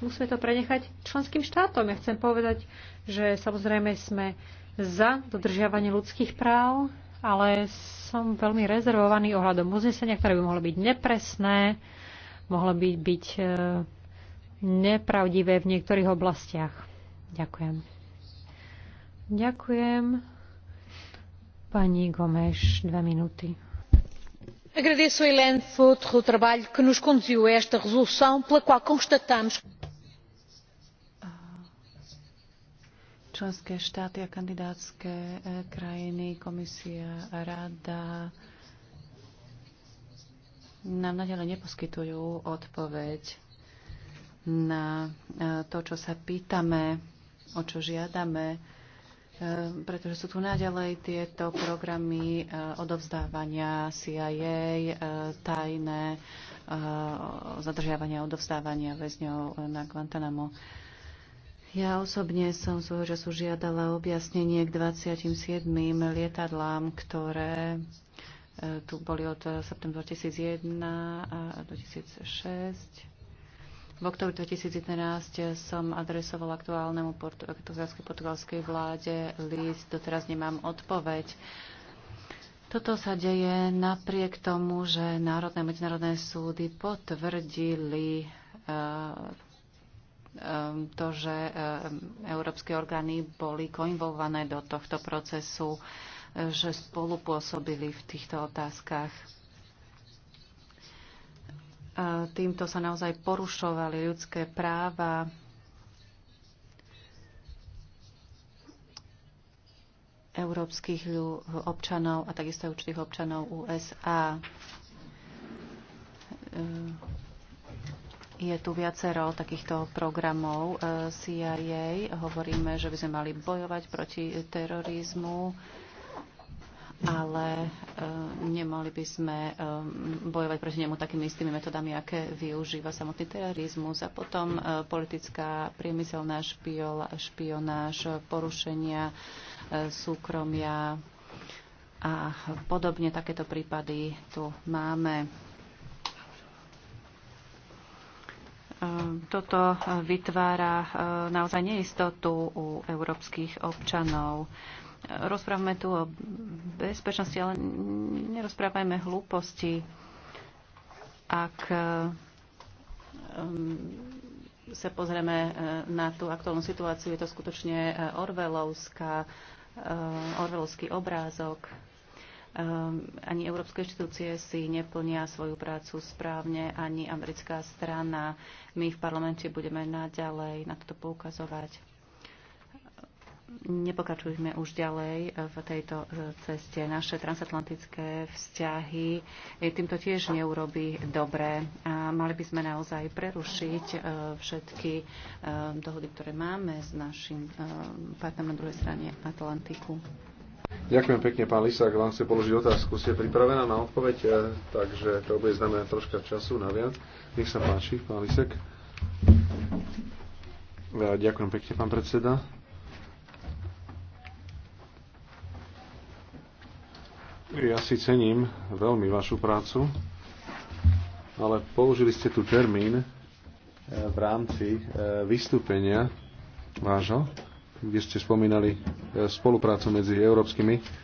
Musíme to prenechať členským štátom. Ja chcem povedať, že samozrejme sme za dodržiavanie ľudských práv, ale som veľmi rezervovaný ohľadom uznesenia, ktoré by mohlo byť nepresné, mohlo by byť eh, nepravdivé v niektorých oblastiach. Ďakujem. Ďakujem. Agradeço a Helene Fotre o trabalho que nos conduziu a esta resolução, pela qual constatamos členské štáty a kandidátske eh, krajiny, komisia a rada nám nadalej neposkytujú odpoveď na eh, to, čo sa pýtame, o čo žiadame. Ehm, pretože sú tu naďalej tieto programy eh, odovzdávania CIA, eh, tajné eh, zadržiavania, odovzdávania väzňov na Guantanamo. Ja osobne som svojho času žiadala objasnenie k 27. lietadlám, ktoré tu boli od septembra 2001 a 2006 v oktobri 2011 som adresoval aktuálnemu portu, portugalskej vláde list, doteraz nemám odpoveď. Toto sa deje napriek tomu, že národné a medzinárodné súdy potvrdili eh, eh, to, že eh, európske orgány boli koinvolované do tohto procesu, že spolupôsobili v týchto otázkach. Týmto sa naozaj porušovali ľudské práva. európskych občanov a takisto aj určitých občanov USA. E, je tu viacero takýchto programov e, CIA. Hovoríme, že by sme mali bojovať proti terorizmu ale e, nemali by sme e, bojovať proti nemu takými istými metodami, aké využíva samotný terorizmus. A potom e, politická priemyselná špiola, špionáž, porušenia súkromia a podobne takéto prípady tu máme. Toto vytvára naozaj neistotu u európskych občanov rozprávame tu o bezpečnosti, ale nerozprávajme hlúposti. Ak ehm, sa pozrieme eh, na tú aktuálnu situáciu, je to skutočne eh, Orwellovská, eh, Orwellovský obrázok. Ehm, ani európske inštitúcie si neplnia svoju prácu správne, ani americká strana. My v parlamente budeme naďalej na toto poukazovať nepokračujme už ďalej v tejto e, ceste. Naše transatlantické vzťahy e, týmto tiež neurobi dobre a mali by sme naozaj prerušiť e, všetky dohody, ktoré máme s našim partnerom na druhej strane Atlantiku. Ďakujem pekne, pán Lisák. Vám chcem položiť otázku. Ste pripravená na odpoveď? Takže to bude znamená troška času naviac. Nech sa páči, pán Lisek. Ďakujem pekne, pán predseda. Ja si cením veľmi vašu prácu, ale použili ste tu termín eh, v rámci eh, vystúpenia vášho, kde ste spomínali eh, spoluprácu medzi európskymi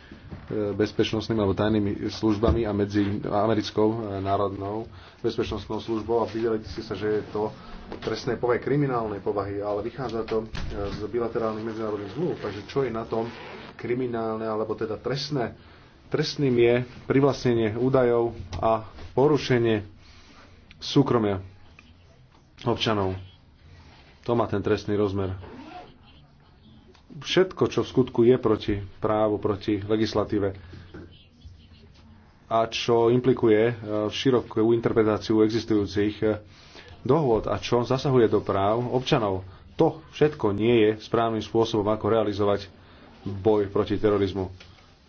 bezpečnostnými alebo tajnými službami a medzi americkou národnou bezpečnostnou službou a videli ste sa, že je to trestné povahy, kriminálnej povahy, ale vychádza to z bilaterálnych medzinárodných zmluv. Takže čo je na tom kriminálne alebo teda trestné Trestným je privlastnenie údajov a porušenie súkromia občanov. To má ten trestný rozmer. Všetko, čo v skutku je proti právu, proti legislatíve a čo implikuje e, širokú interpretáciu existujúcich e, dohôd a čo zasahuje do práv občanov, to všetko nie je správnym spôsobom, ako realizovať boj proti terorizmu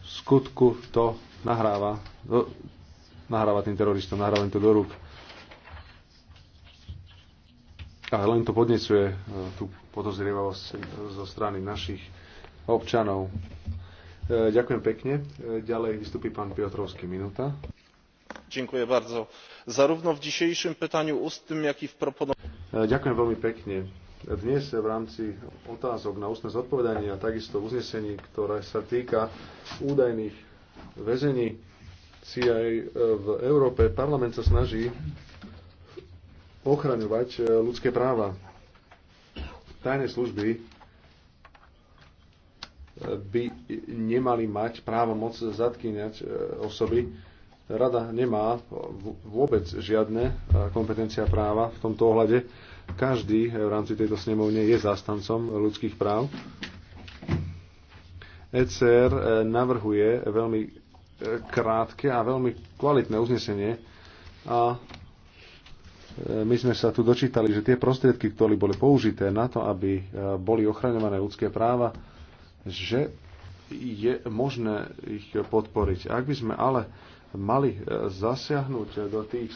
skutku to nahráva, do, nahráva tým teroristom, nahráva im to do rúk. A len to podnecuje e, tú podozrievavosť e, zo strany našich občanov. E, ďakujem pekne. Ďalej vystupí pán Piotrovský, minúta. Dziękuję bardzo. Zarówno w dzisiejszym pytaniu ustnym, jak i w proponowaniu. Dziękuję bardzo pięknie dnes v rámci otázok na ústne zodpovedanie a takisto uznesení, ktoré sa týka údajných väzení CIA v Európe, parlament sa snaží ochraňovať e, ľudské práva. Tajné služby e, by nemali mať právo moc zatkýňať e, osoby. Rada nemá vôbec žiadne kompetencia práva v tomto ohľade. Každý v rámci tejto snemovne je zástancom ľudských práv. ECR e, navrhuje veľmi e, krátke a veľmi kvalitné uznesenie a e, my sme sa tu dočítali, že tie prostriedky, ktoré boli použité na to, aby boli ochraňované ľudské práva, že je možné ich podporiť. Ak by sme ale mali zasiahnuť do tých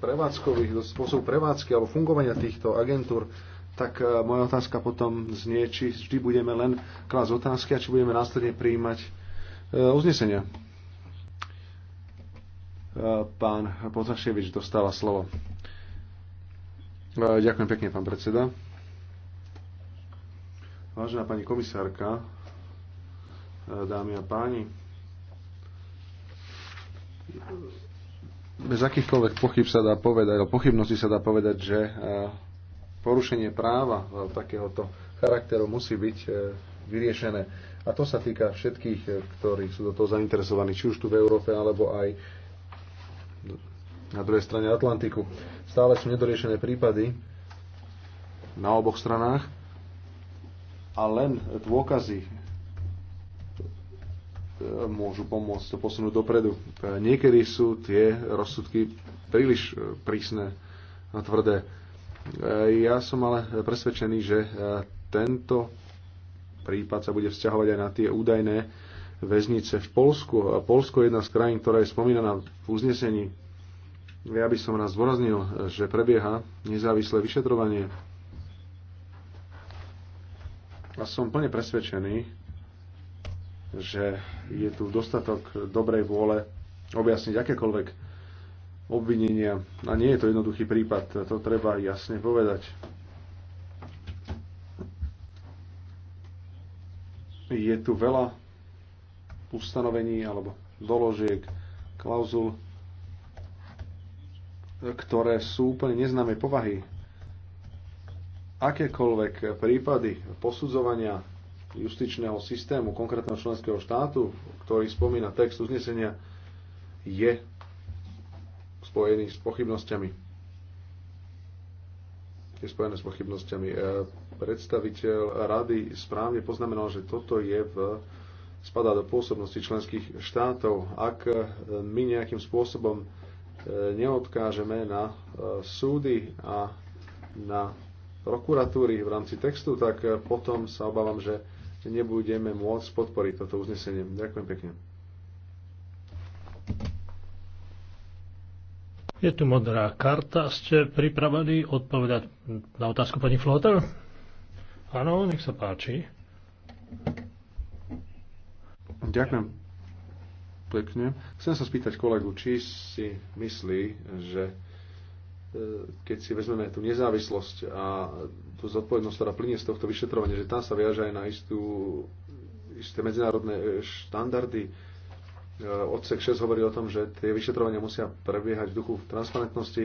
prevádzkových, do spôsobu prevádzky alebo fungovania týchto agentúr, tak e, moja otázka potom znie, či vždy budeme len klásť otázky a či budeme následne prijímať e, uznesenia. E, pán Potaševič dostáva slovo. Ďakujem pekne, pán predseda. Vážená pani komisárka, dámy a páni, bez akýchkoľvek pochyb sa dá povedať, alebo pochybnosti sa dá povedať, že e, porušenie práva e, takéhoto charakteru musí byť e, vyriešené. A to sa týka všetkých, ktorí sú do toho zainteresovaní, či už tu v Európe, alebo aj na druhej strane Atlantiku. Stále sú nedoriešené prípady na oboch stranách a len dôkazy môžu pomôcť to posunúť dopredu. E, niekedy sú tie rozsudky príliš e, prísne a tvrdé. E, ja som ale presvedčený, že tento prípad sa bude vzťahovať aj na tie údajné väznice v Polsku. Polsko je jedna z krajín, ktorá je spomínaná v uznesení. Ja by som raz zdôraznil, že prebieha nezávislé vyšetrovanie. A som plne presvedčený, že je tu dostatok dobrej vôle objasniť akékoľvek obvinenia. A nie je to jednoduchý prípad, to treba jasne povedať. Je tu veľa ustanovení alebo doložiek, klauzul, ktoré sú úplne neznámej povahy. Akékoľvek prípady posudzovania justičného systému konkrétneho členského štátu, ktorý spomína text uznesenia, je spojený s pochybnosťami. Je spojené s pochybnosťami. E, predstaviteľ rady správne poznamenal, že toto je v, spadá do pôsobnosti členských štátov. Ak e, my nejakým spôsobom e, neodkážeme na súdy a na prokuratúry v rámci textu, tak potom sa obávam, že nebudeme môcť podporiť toto uznesenie. Ďakujem pekne. Je tu modrá karta. Ste pripravení odpovedať na otázku pani Flotel? Áno, nech sa páči. Ďakujem pekne. Chcem sa spýtať kolegu, či si myslí, že e, keď si vezmeme tú nezávislosť a tú zodpovednosť, ktorá plinie z tohto vyšetrovania, že tá sa viaže aj na istú, isté medzinárodné e, štandardy. E, odsek 6 hovorí o tom, že tie vyšetrovania musia prebiehať v duchu v transparentnosti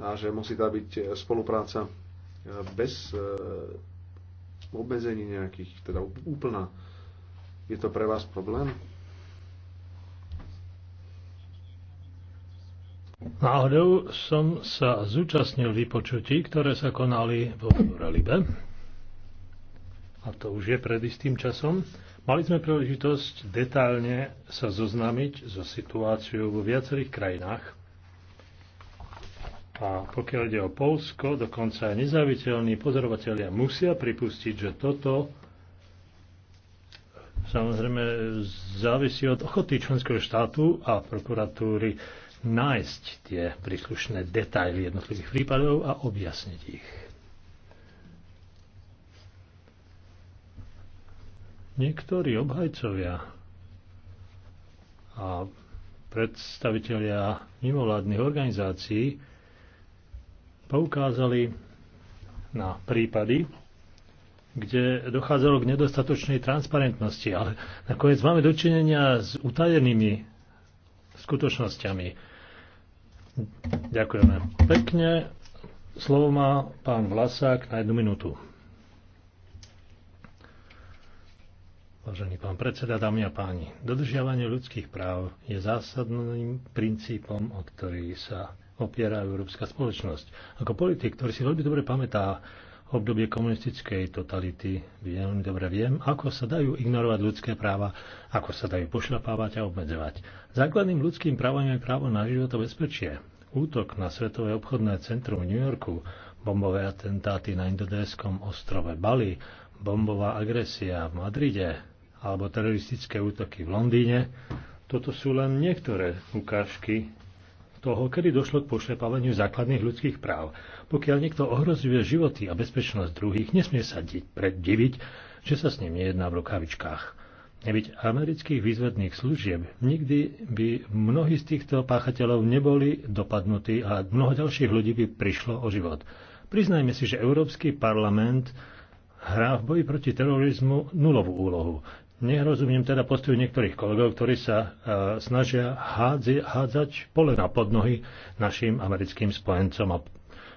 a že musí tá byť e, spolupráca bez obmedzení nejakých, teda úplná. Je to pre vás problém? Náhodou som sa zúčastnil vypočutí, ktoré sa konali vo Ralibe, A to už je pred istým časom. Mali sme príležitosť detálne sa zoznámiť so situáciou vo viacerých krajinách. A pokiaľ ide o Polsko, dokonca aj nezáviteľní pozorovatelia musia pripustiť, že toto samozrejme závisí od ochoty členského štátu a prokuratúry nájsť tie príslušné detaily jednotlivých prípadov a objasniť ich. Niektorí obhajcovia a predstavitelia mimovládnych organizácií poukázali na prípady, kde dochádzalo k nedostatočnej transparentnosti, ale nakoniec máme dočinenia s utajenými skutočnosťami. Ďakujeme pekne. Slovo má pán Vlasák na jednu minútu. Vážený pán predseda, dámy a páni, dodržiavanie ľudských práv je zásadným princípom, o ktorý sa opiera európska spoločnosť. Ako politik, ktorý si veľmi dobre pamätá obdobie komunistickej totality veľmi dobre viem, ako sa dajú ignorovať ľudské práva, ako sa dajú pošľapávať a obmedzovať. Základným ľudským právom je právo na život a bezpečie. Útok na Svetové obchodné centrum v New Yorku, bombové atentáty na indodéskom ostrove Bali, bombová agresia v Madride alebo teroristické útoky v Londýne, toto sú len niektoré ukážky toho, kedy došlo k pošlepávaniu základných ľudských práv. Pokiaľ niekto ohrozuje životy a bezpečnosť druhých, nesmie sa preddiviť, že sa s ním nejedná v rukavičkách. Nebyť amerických výzvedných služieb, nikdy by mnohí z týchto páchateľov neboli dopadnutí a mnoho ďalších ľudí by prišlo o život. Priznajme si, že Európsky parlament hrá v boji proti terorizmu nulovú úlohu. Nerozumiem teda postoju niektorých kolegov, ktorí sa e, snažia hádzi, hádzať pole na podnohy našim americkým spojencom a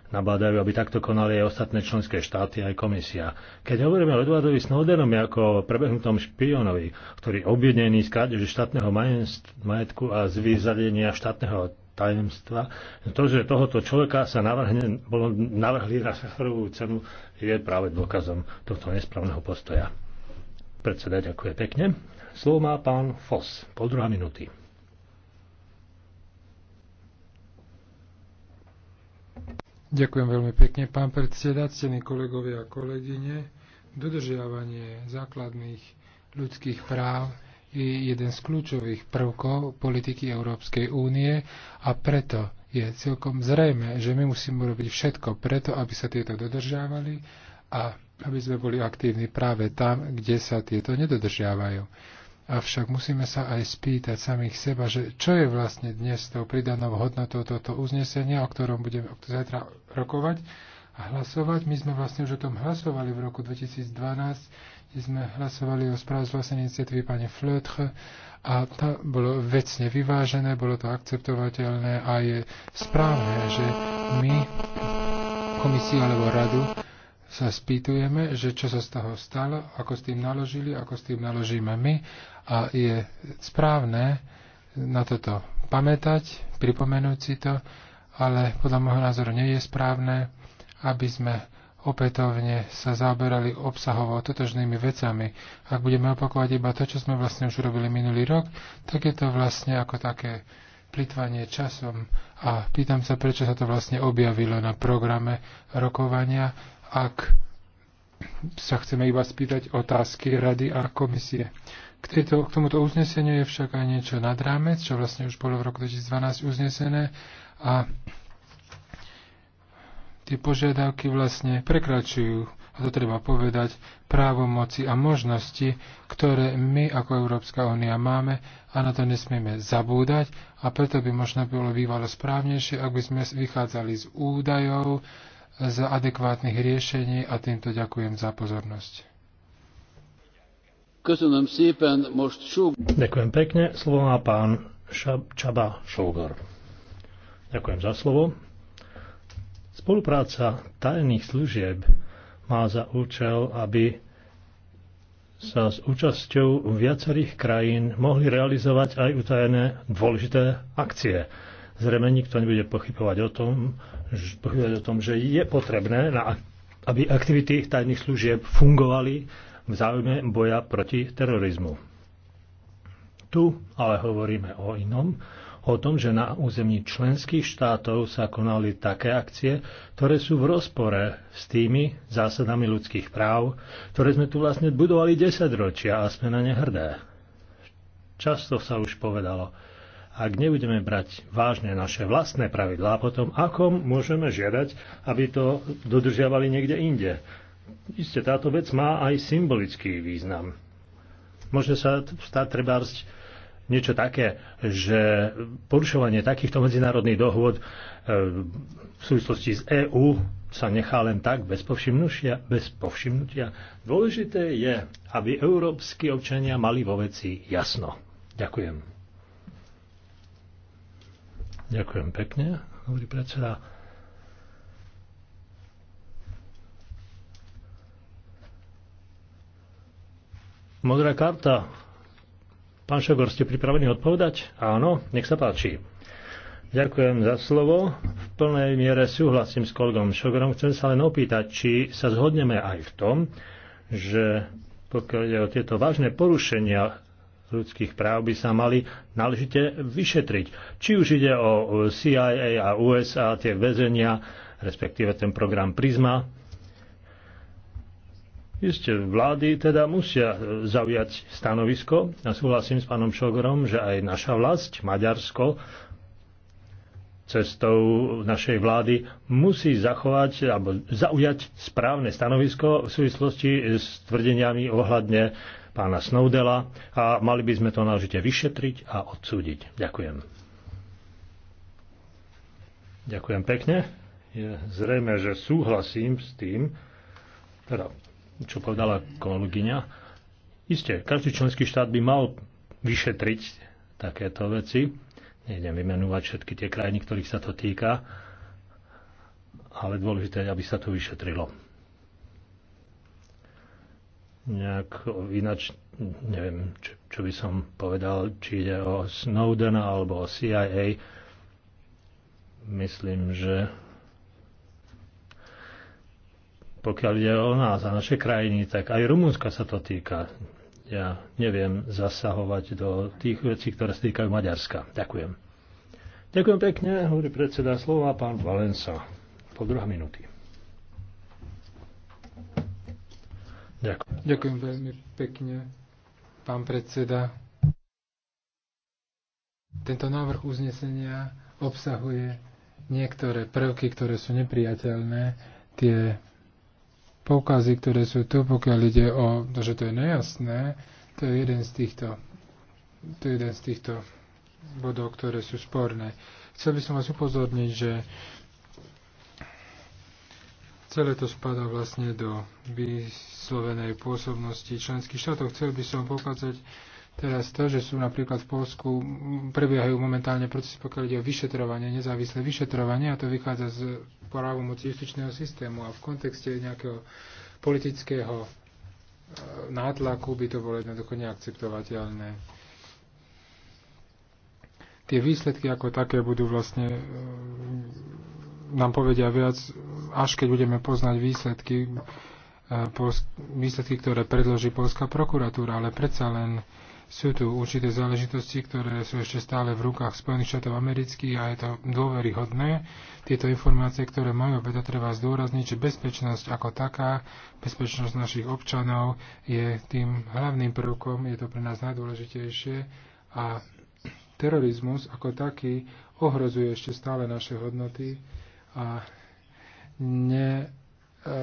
nabádajú, aby takto konali aj ostatné členské štáty, aj komisia. Keď hovoríme o Edwardovi Snowdenovi ako prebehnutom špionovi, ktorý objednený z krádeže štátneho majetku a z vyzadenia štátneho tajemstva, to, že tohoto človeka sa navrhne, bolo, navrhli na prvú cenu, je práve dôkazom tohto nesprávneho postoja. Predseda, ďakujem pekne. Slovo má pán Fos. Pol druhá minúty. Ďakujem veľmi pekne, pán predseda, cení kolegovia a kolegyne. Dodržiavanie základných ľudských práv je jeden z kľúčových prvkov politiky Európskej únie a preto je celkom zrejme, že my musíme robiť všetko preto, aby sa tieto dodržiavali a aby sme boli aktívni práve tam, kde sa tieto nedodržiavajú. Avšak musíme sa aj spýtať samých seba, že čo je vlastne dnes tou pridanou hodnotou toto uznesenia, o ktorom budeme zajtra rokovať a hlasovať. My sme vlastne už o tom hlasovali v roku 2012, kde sme hlasovali o správe z vlastnej iniciatívy pani Flötre a to bolo vecne vyvážené, bolo to akceptovateľné a je správne, že my komisia alebo radu sa spýtujeme, že čo sa z toho stalo, ako s tým naložili, ako s tým naložíme my a je správne na toto pamätať, pripomenúť si to, ale podľa môjho názoru nie je správne, aby sme opätovne sa zaoberali obsahovo totožnými vecami. Ak budeme opakovať iba to, čo sme vlastne už urobili minulý rok, tak je to vlastne ako také plitvanie časom. A pýtam sa, prečo sa to vlastne objavilo na programe rokovania ak sa chceme iba spýtať otázky Rady a komisie. K, tejto, k tomuto uzneseniu je však aj niečo nad rámec, čo vlastne už bolo v roku 2012 uznesené a tie požiadavky vlastne prekračujú, a to treba povedať, právomoci a možnosti, ktoré my ako Európska únia máme a na to nesmieme zabúdať a preto by možno bolo bývalo správnejšie, ak by sme vychádzali z údajov, z adekvátnych riešení a týmto ďakujem za pozornosť. Ďakujem pekne. Slovo má pán Čaba Šolgor. Ďakujem za slovo. Spolupráca tajných služieb má za účel, aby sa s účasťou viacerých krajín mohli realizovať aj utajené dôležité akcie. Zrejme nikto nebude pochybovať o tom, že, pochybovať o tom, že je potrebné, na, aby aktivity tajných služieb fungovali v záujme boja proti terorizmu. Tu ale hovoríme o inom, o tom, že na území členských štátov sa konali také akcie, ktoré sú v rozpore s tými zásadami ľudských práv, ktoré sme tu vlastne budovali desaťročia a sme na ne hrdé. Často sa už povedalo, ak nebudeme brať vážne naše vlastné pravidlá, potom ako môžeme žiadať, aby to dodržiavali niekde inde? Isté táto vec má aj symbolický význam. Môže sa stať trebársť niečo také, že porušovanie takýchto medzinárodných dohôd e, v súvislosti s EÚ sa nechá len tak bez povšimnutia, bez povšimnutia. Dôležité je, aby európsky občania mali vo veci jasno. Ďakujem. Ďakujem pekne, hovorí predseda. Modrá karta. Pán Šogor, ste pripravení odpovedať? Áno, nech sa páči. Ďakujem za slovo. V plnej miere súhlasím s kolegom Šogorom. Chcem sa len opýtať, či sa zhodneme aj v tom, že pokiaľ je o tieto vážne porušenia ľudských práv by sa mali náležite vyšetriť. Či už ide o CIA a USA, tie väzenia, respektíve ten program Prisma. Isté, vlády teda musia zaujať stanovisko a súhlasím s pánom Šogorom, že aj naša vlast, Maďarsko, cestou našej vlády musí zachovať alebo zaujať správne stanovisko v súvislosti s tvrdeniami ohľadne pána Snowdela a mali by sme to náležite vyšetriť a odsúdiť. Ďakujem. Ďakujem pekne. Je zrejme, že súhlasím s tým, teda, čo povedala kolegyňa. Isté, každý členský štát by mal vyšetriť takéto veci Nejdem vymenovať všetky tie krajiny, ktorých sa to týka, ale dôležité je, aby sa to vyšetrilo. Nejak ináč, neviem, čo, čo by som povedal, či ide o Snowdena alebo o CIA. Myslím, že pokiaľ ide o nás a naše krajiny, tak aj Rumunska sa to týka ja neviem zasahovať do tých vecí, ktoré sa týkajú Maďarska. Ďakujem. Ďakujem pekne, hovorí predseda slova pán Valensa. Po druhá minúty. Ďakujem. Ďakujem veľmi pekne, pán predseda. Tento návrh uznesenia obsahuje niektoré prvky, ktoré sú nepriateľné. Tie poukazy, ktoré sú tu, pokiaľ ide o to, že to je nejasné, to je jeden z týchto, to je jeden z týchto bodov, ktoré sú sporné. Chcel by som vás upozorniť, že celé to spada vlastne do vyslovenej pôsobnosti členských štátov. Chcel by som pokázať teraz to, že sú napríklad v Polsku, prebiehajú momentálne procesy, pokiaľ ide o vyšetrovanie, nezávislé vyšetrovanie a to vychádza z právomoci justičného systému a v kontexte nejakého politického e, nátlaku by to bolo jednoducho neakceptovateľné. Tie výsledky ako také budú vlastne e, nám povedia viac, až keď budeme poznať výsledky, e, výsledky, ktoré predloží Polská prokuratúra, ale predsa len sú tu určité záležitosti, ktoré sú ešte stále v rukách Spojených štátov amerických a je to dôveryhodné. Tieto informácie, ktoré majú, preto treba zdôrazniť, že bezpečnosť ako taká, bezpečnosť našich občanov je tým hlavným prvkom, je to pre nás najdôležitejšie a terorizmus ako taký ohrozuje ešte stále naše hodnoty a ne, e,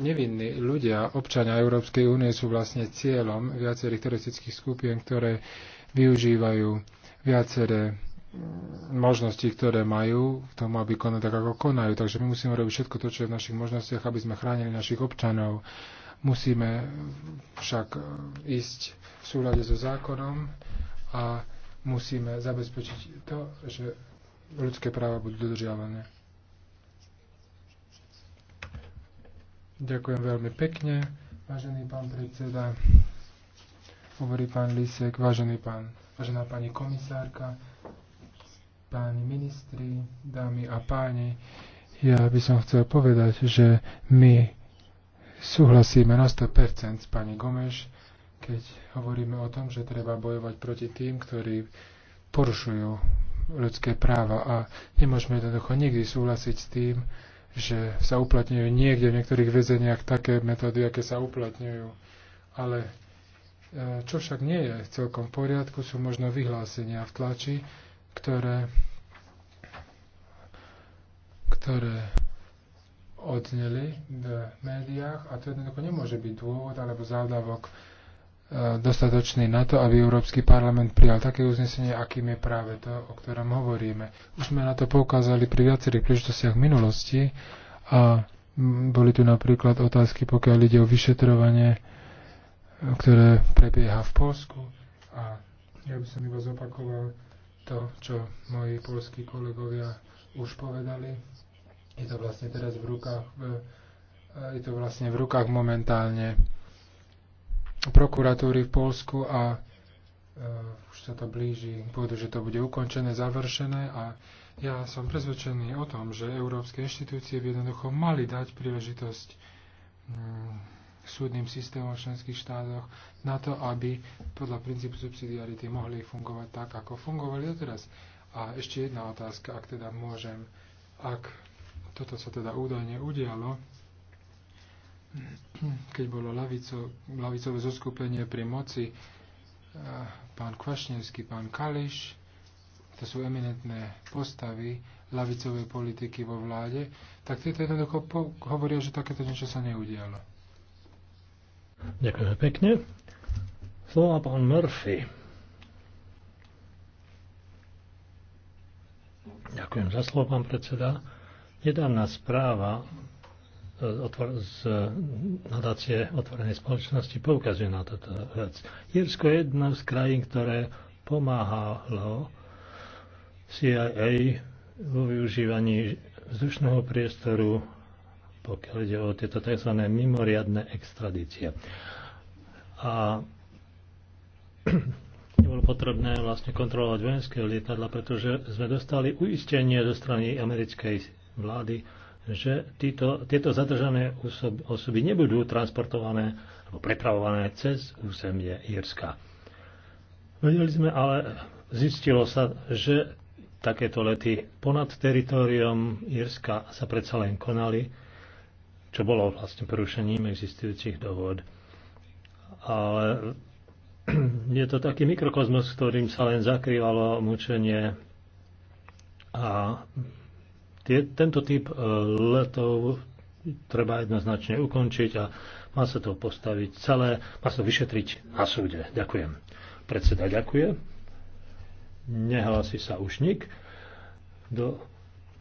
nevinní ľudia, občania Európskej únie sú vlastne cieľom viacerých teroristických skupien, ktoré využívajú viaceré mm, možnosti, ktoré majú k tomu, aby konali tak, ako konajú. Takže my musíme robiť všetko to, čo je v našich možnostiach, aby sme chránili našich občanov. Musíme však e, ísť v súlade so zákonom a musíme zabezpečiť to, že ľudské práva budú dodržiavané. Ďakujem veľmi pekne, vážený pán predseda, hovorí pán Lisek, vážený pán, vážená pani komisárka, páni ministri, dámy a páni. Ja by som chcel povedať, že my súhlasíme na 100% s pani Gomeš, keď hovoríme o tom, že treba bojovať proti tým, ktorí porušujú ľudské práva a nemôžeme jednoducho nikdy súhlasiť s tým, že sa uplatňujú niekde v niektorých väzeniach také metódy, aké sa uplatňujú. Ale e, čo však nie je celkom v poriadku, sú možno vyhlásenia v tlači, ktoré, ktoré odneli v médiách a to jednoducho nemôže byť dôvod alebo závdavok dostatočný na to, aby Európsky parlament prijal také uznesenie, akým je práve to, o ktorom hovoríme. Už sme na to poukázali pri viacerých príležitostiach v minulosti a boli tu napríklad otázky, pokiaľ ide o vyšetrovanie, ktoré prebieha v Polsku. A ja by som iba zopakoval to, čo moji polskí kolegovia už povedali. Je to vlastne teraz v rukách, je to vlastne v rukách momentálne prokuratúry v Polsku a uh, už sa to blíži, povedú, že to bude ukončené, završené a ja som prezvedčený o tom, že európske inštitúcie by jednoducho mali dať príležitosť um, súdnym systémom v členských štátoch na to, aby podľa princípu subsidiarity mohli fungovať tak, ako fungovali doteraz. A ešte jedna otázka, ak teda môžem, ak toto sa teda údajne udialo, keď bolo lavico, lavicové zoskupenie pri moci, e, pán Kvašnevský, pán Kališ, to sú eminentné postavy lavicovej politiky vo vláde, tak tieto jednoducho hovoria, že takéto niečo sa neudialo. Ďakujem pekne. Slova pán Murphy. Ďakujem za slovo, pán predseda. Nedávna správa otvor, z eh, nadácie otvorenej spoločnosti poukazuje na toto vec. Jirsko je jedna z krajín, ktoré pomáhalo CIA vo využívaní vzdušného priestoru, pokiaľ ide o tieto tzv. mimoriadne extradície. A nebolo potrebné vlastne kontrolovať vojenské lietadla, pretože sme dostali uistenie zo strany americkej vlády, že títo, tieto zadržané osoby, osoby nebudú transportované alebo prepravované cez územie Írska. Vedeli sme ale, zistilo sa, že takéto lety ponad teritoriom Írska sa predsa len konali, čo bolo vlastne porušením existujúcich dohod. Ale je to taký mikrokosmos, ktorým sa len zakrývalo mučenie a Tie, tento typ e, letov treba jednoznačne ukončiť a má sa to postaviť celé, má sa to vyšetriť na súde. Ďakujem. Predseda ďakuje. Nehlási sa už nik do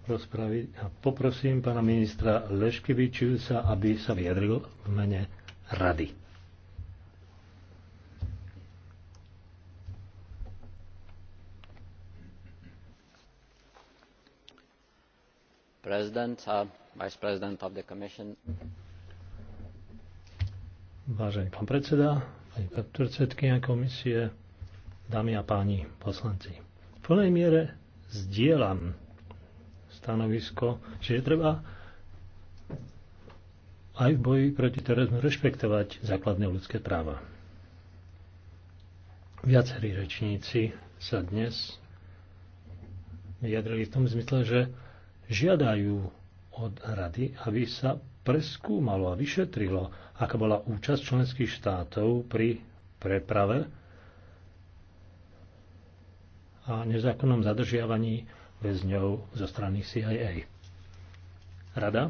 rozpravy. A poprosím pána ministra sa, aby sa vyjadril v mene rady. president uh, vice president of the commission Vážený pán predseda, pani predsedkynia komisie, dámy a páni poslanci. V plnej miere zdieľam stanovisko, že je treba aj v boji proti terorizmu rešpektovať základné ľudské práva. Viacerí rečníci sa dnes vyjadrili v tom zmysle, že žiadajú od rady, aby sa preskúmalo a vyšetrilo, aká bola účasť členských štátov pri preprave a nezákonnom zadržiavaní väzňov zo strany CIA. Rada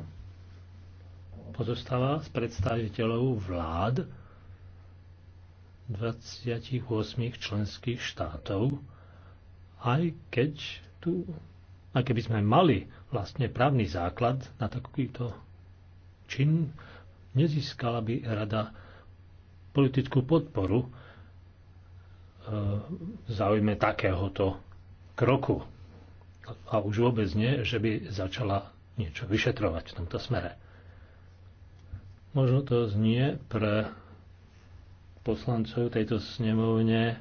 pozostáva z predstaviteľov vlád 28 členských štátov, aj keď tu, aj keby sme mali vlastne právny základ na takýto čin, nezískala by rada politickú podporu e, v záujme takéhoto kroku. A už vôbec nie, že by začala niečo vyšetrovať v tomto smere. Možno to znie pre poslancov tejto snemovne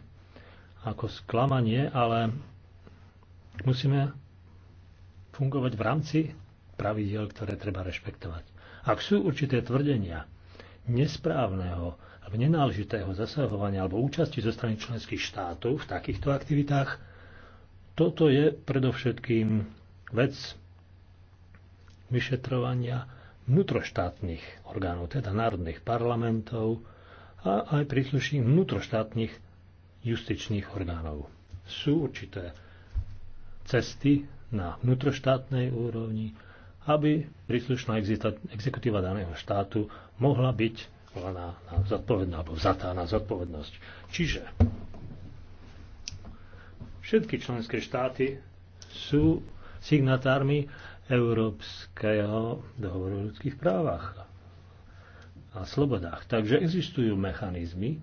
ako sklamanie, ale musíme fungovať v rámci pravidel, ktoré treba rešpektovať. Ak sú určité tvrdenia nesprávneho alebo nenáležitého zasahovania alebo účasti zo strany členských štátov v takýchto aktivitách, toto je predovšetkým vec vyšetrovania vnútroštátnych orgánov, teda národných parlamentov a aj príslušných vnútroštátnych justičných orgánov. Sú určité cesty, na vnútroštátnej úrovni, aby príslušná exekutíva daného štátu mohla byť volaná na zodpovednosť alebo vzatá na zodpovednosť. Čiže všetky členské štáty sú signatármi Európskeho dohovoru o ľudských právach a slobodách. Takže existujú mechanizmy,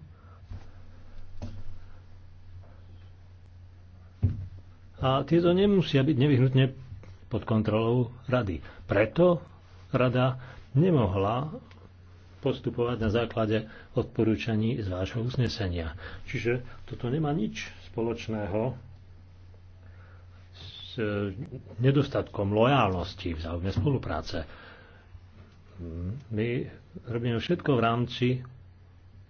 A tieto nemusia byť nevyhnutne pod kontrolou rady. Preto rada nemohla postupovať na základe odporúčaní z vášho uznesenia. Čiže toto nemá nič spoločného s e, nedostatkom lojálnosti v záujme spolupráce. My robíme všetko v rámci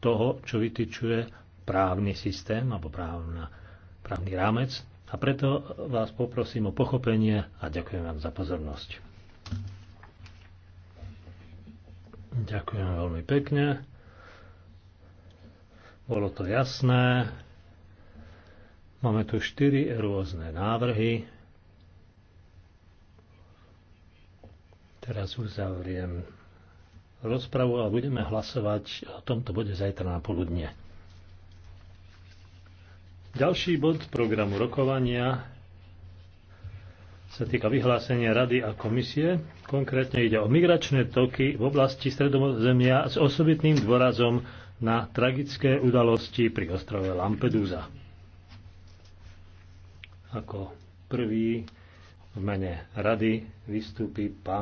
toho, čo vytýčuje právny systém alebo právna, právny rámec a preto vás poprosím o pochopenie a ďakujem vám za pozornosť. Ďakujem veľmi pekne. Bolo to jasné. Máme tu štyri rôzne návrhy. Teraz uzavriem rozpravu a budeme hlasovať o tomto bode zajtra na poludne. Ďalší bod programu rokovania sa týka vyhlásenia Rady a komisie. Konkrétne ide o migračné toky v oblasti Stredozemia s osobitným dôrazom na tragické udalosti pri ostrove Lampedusa. Ako prvý v mene Rady vystúpi pán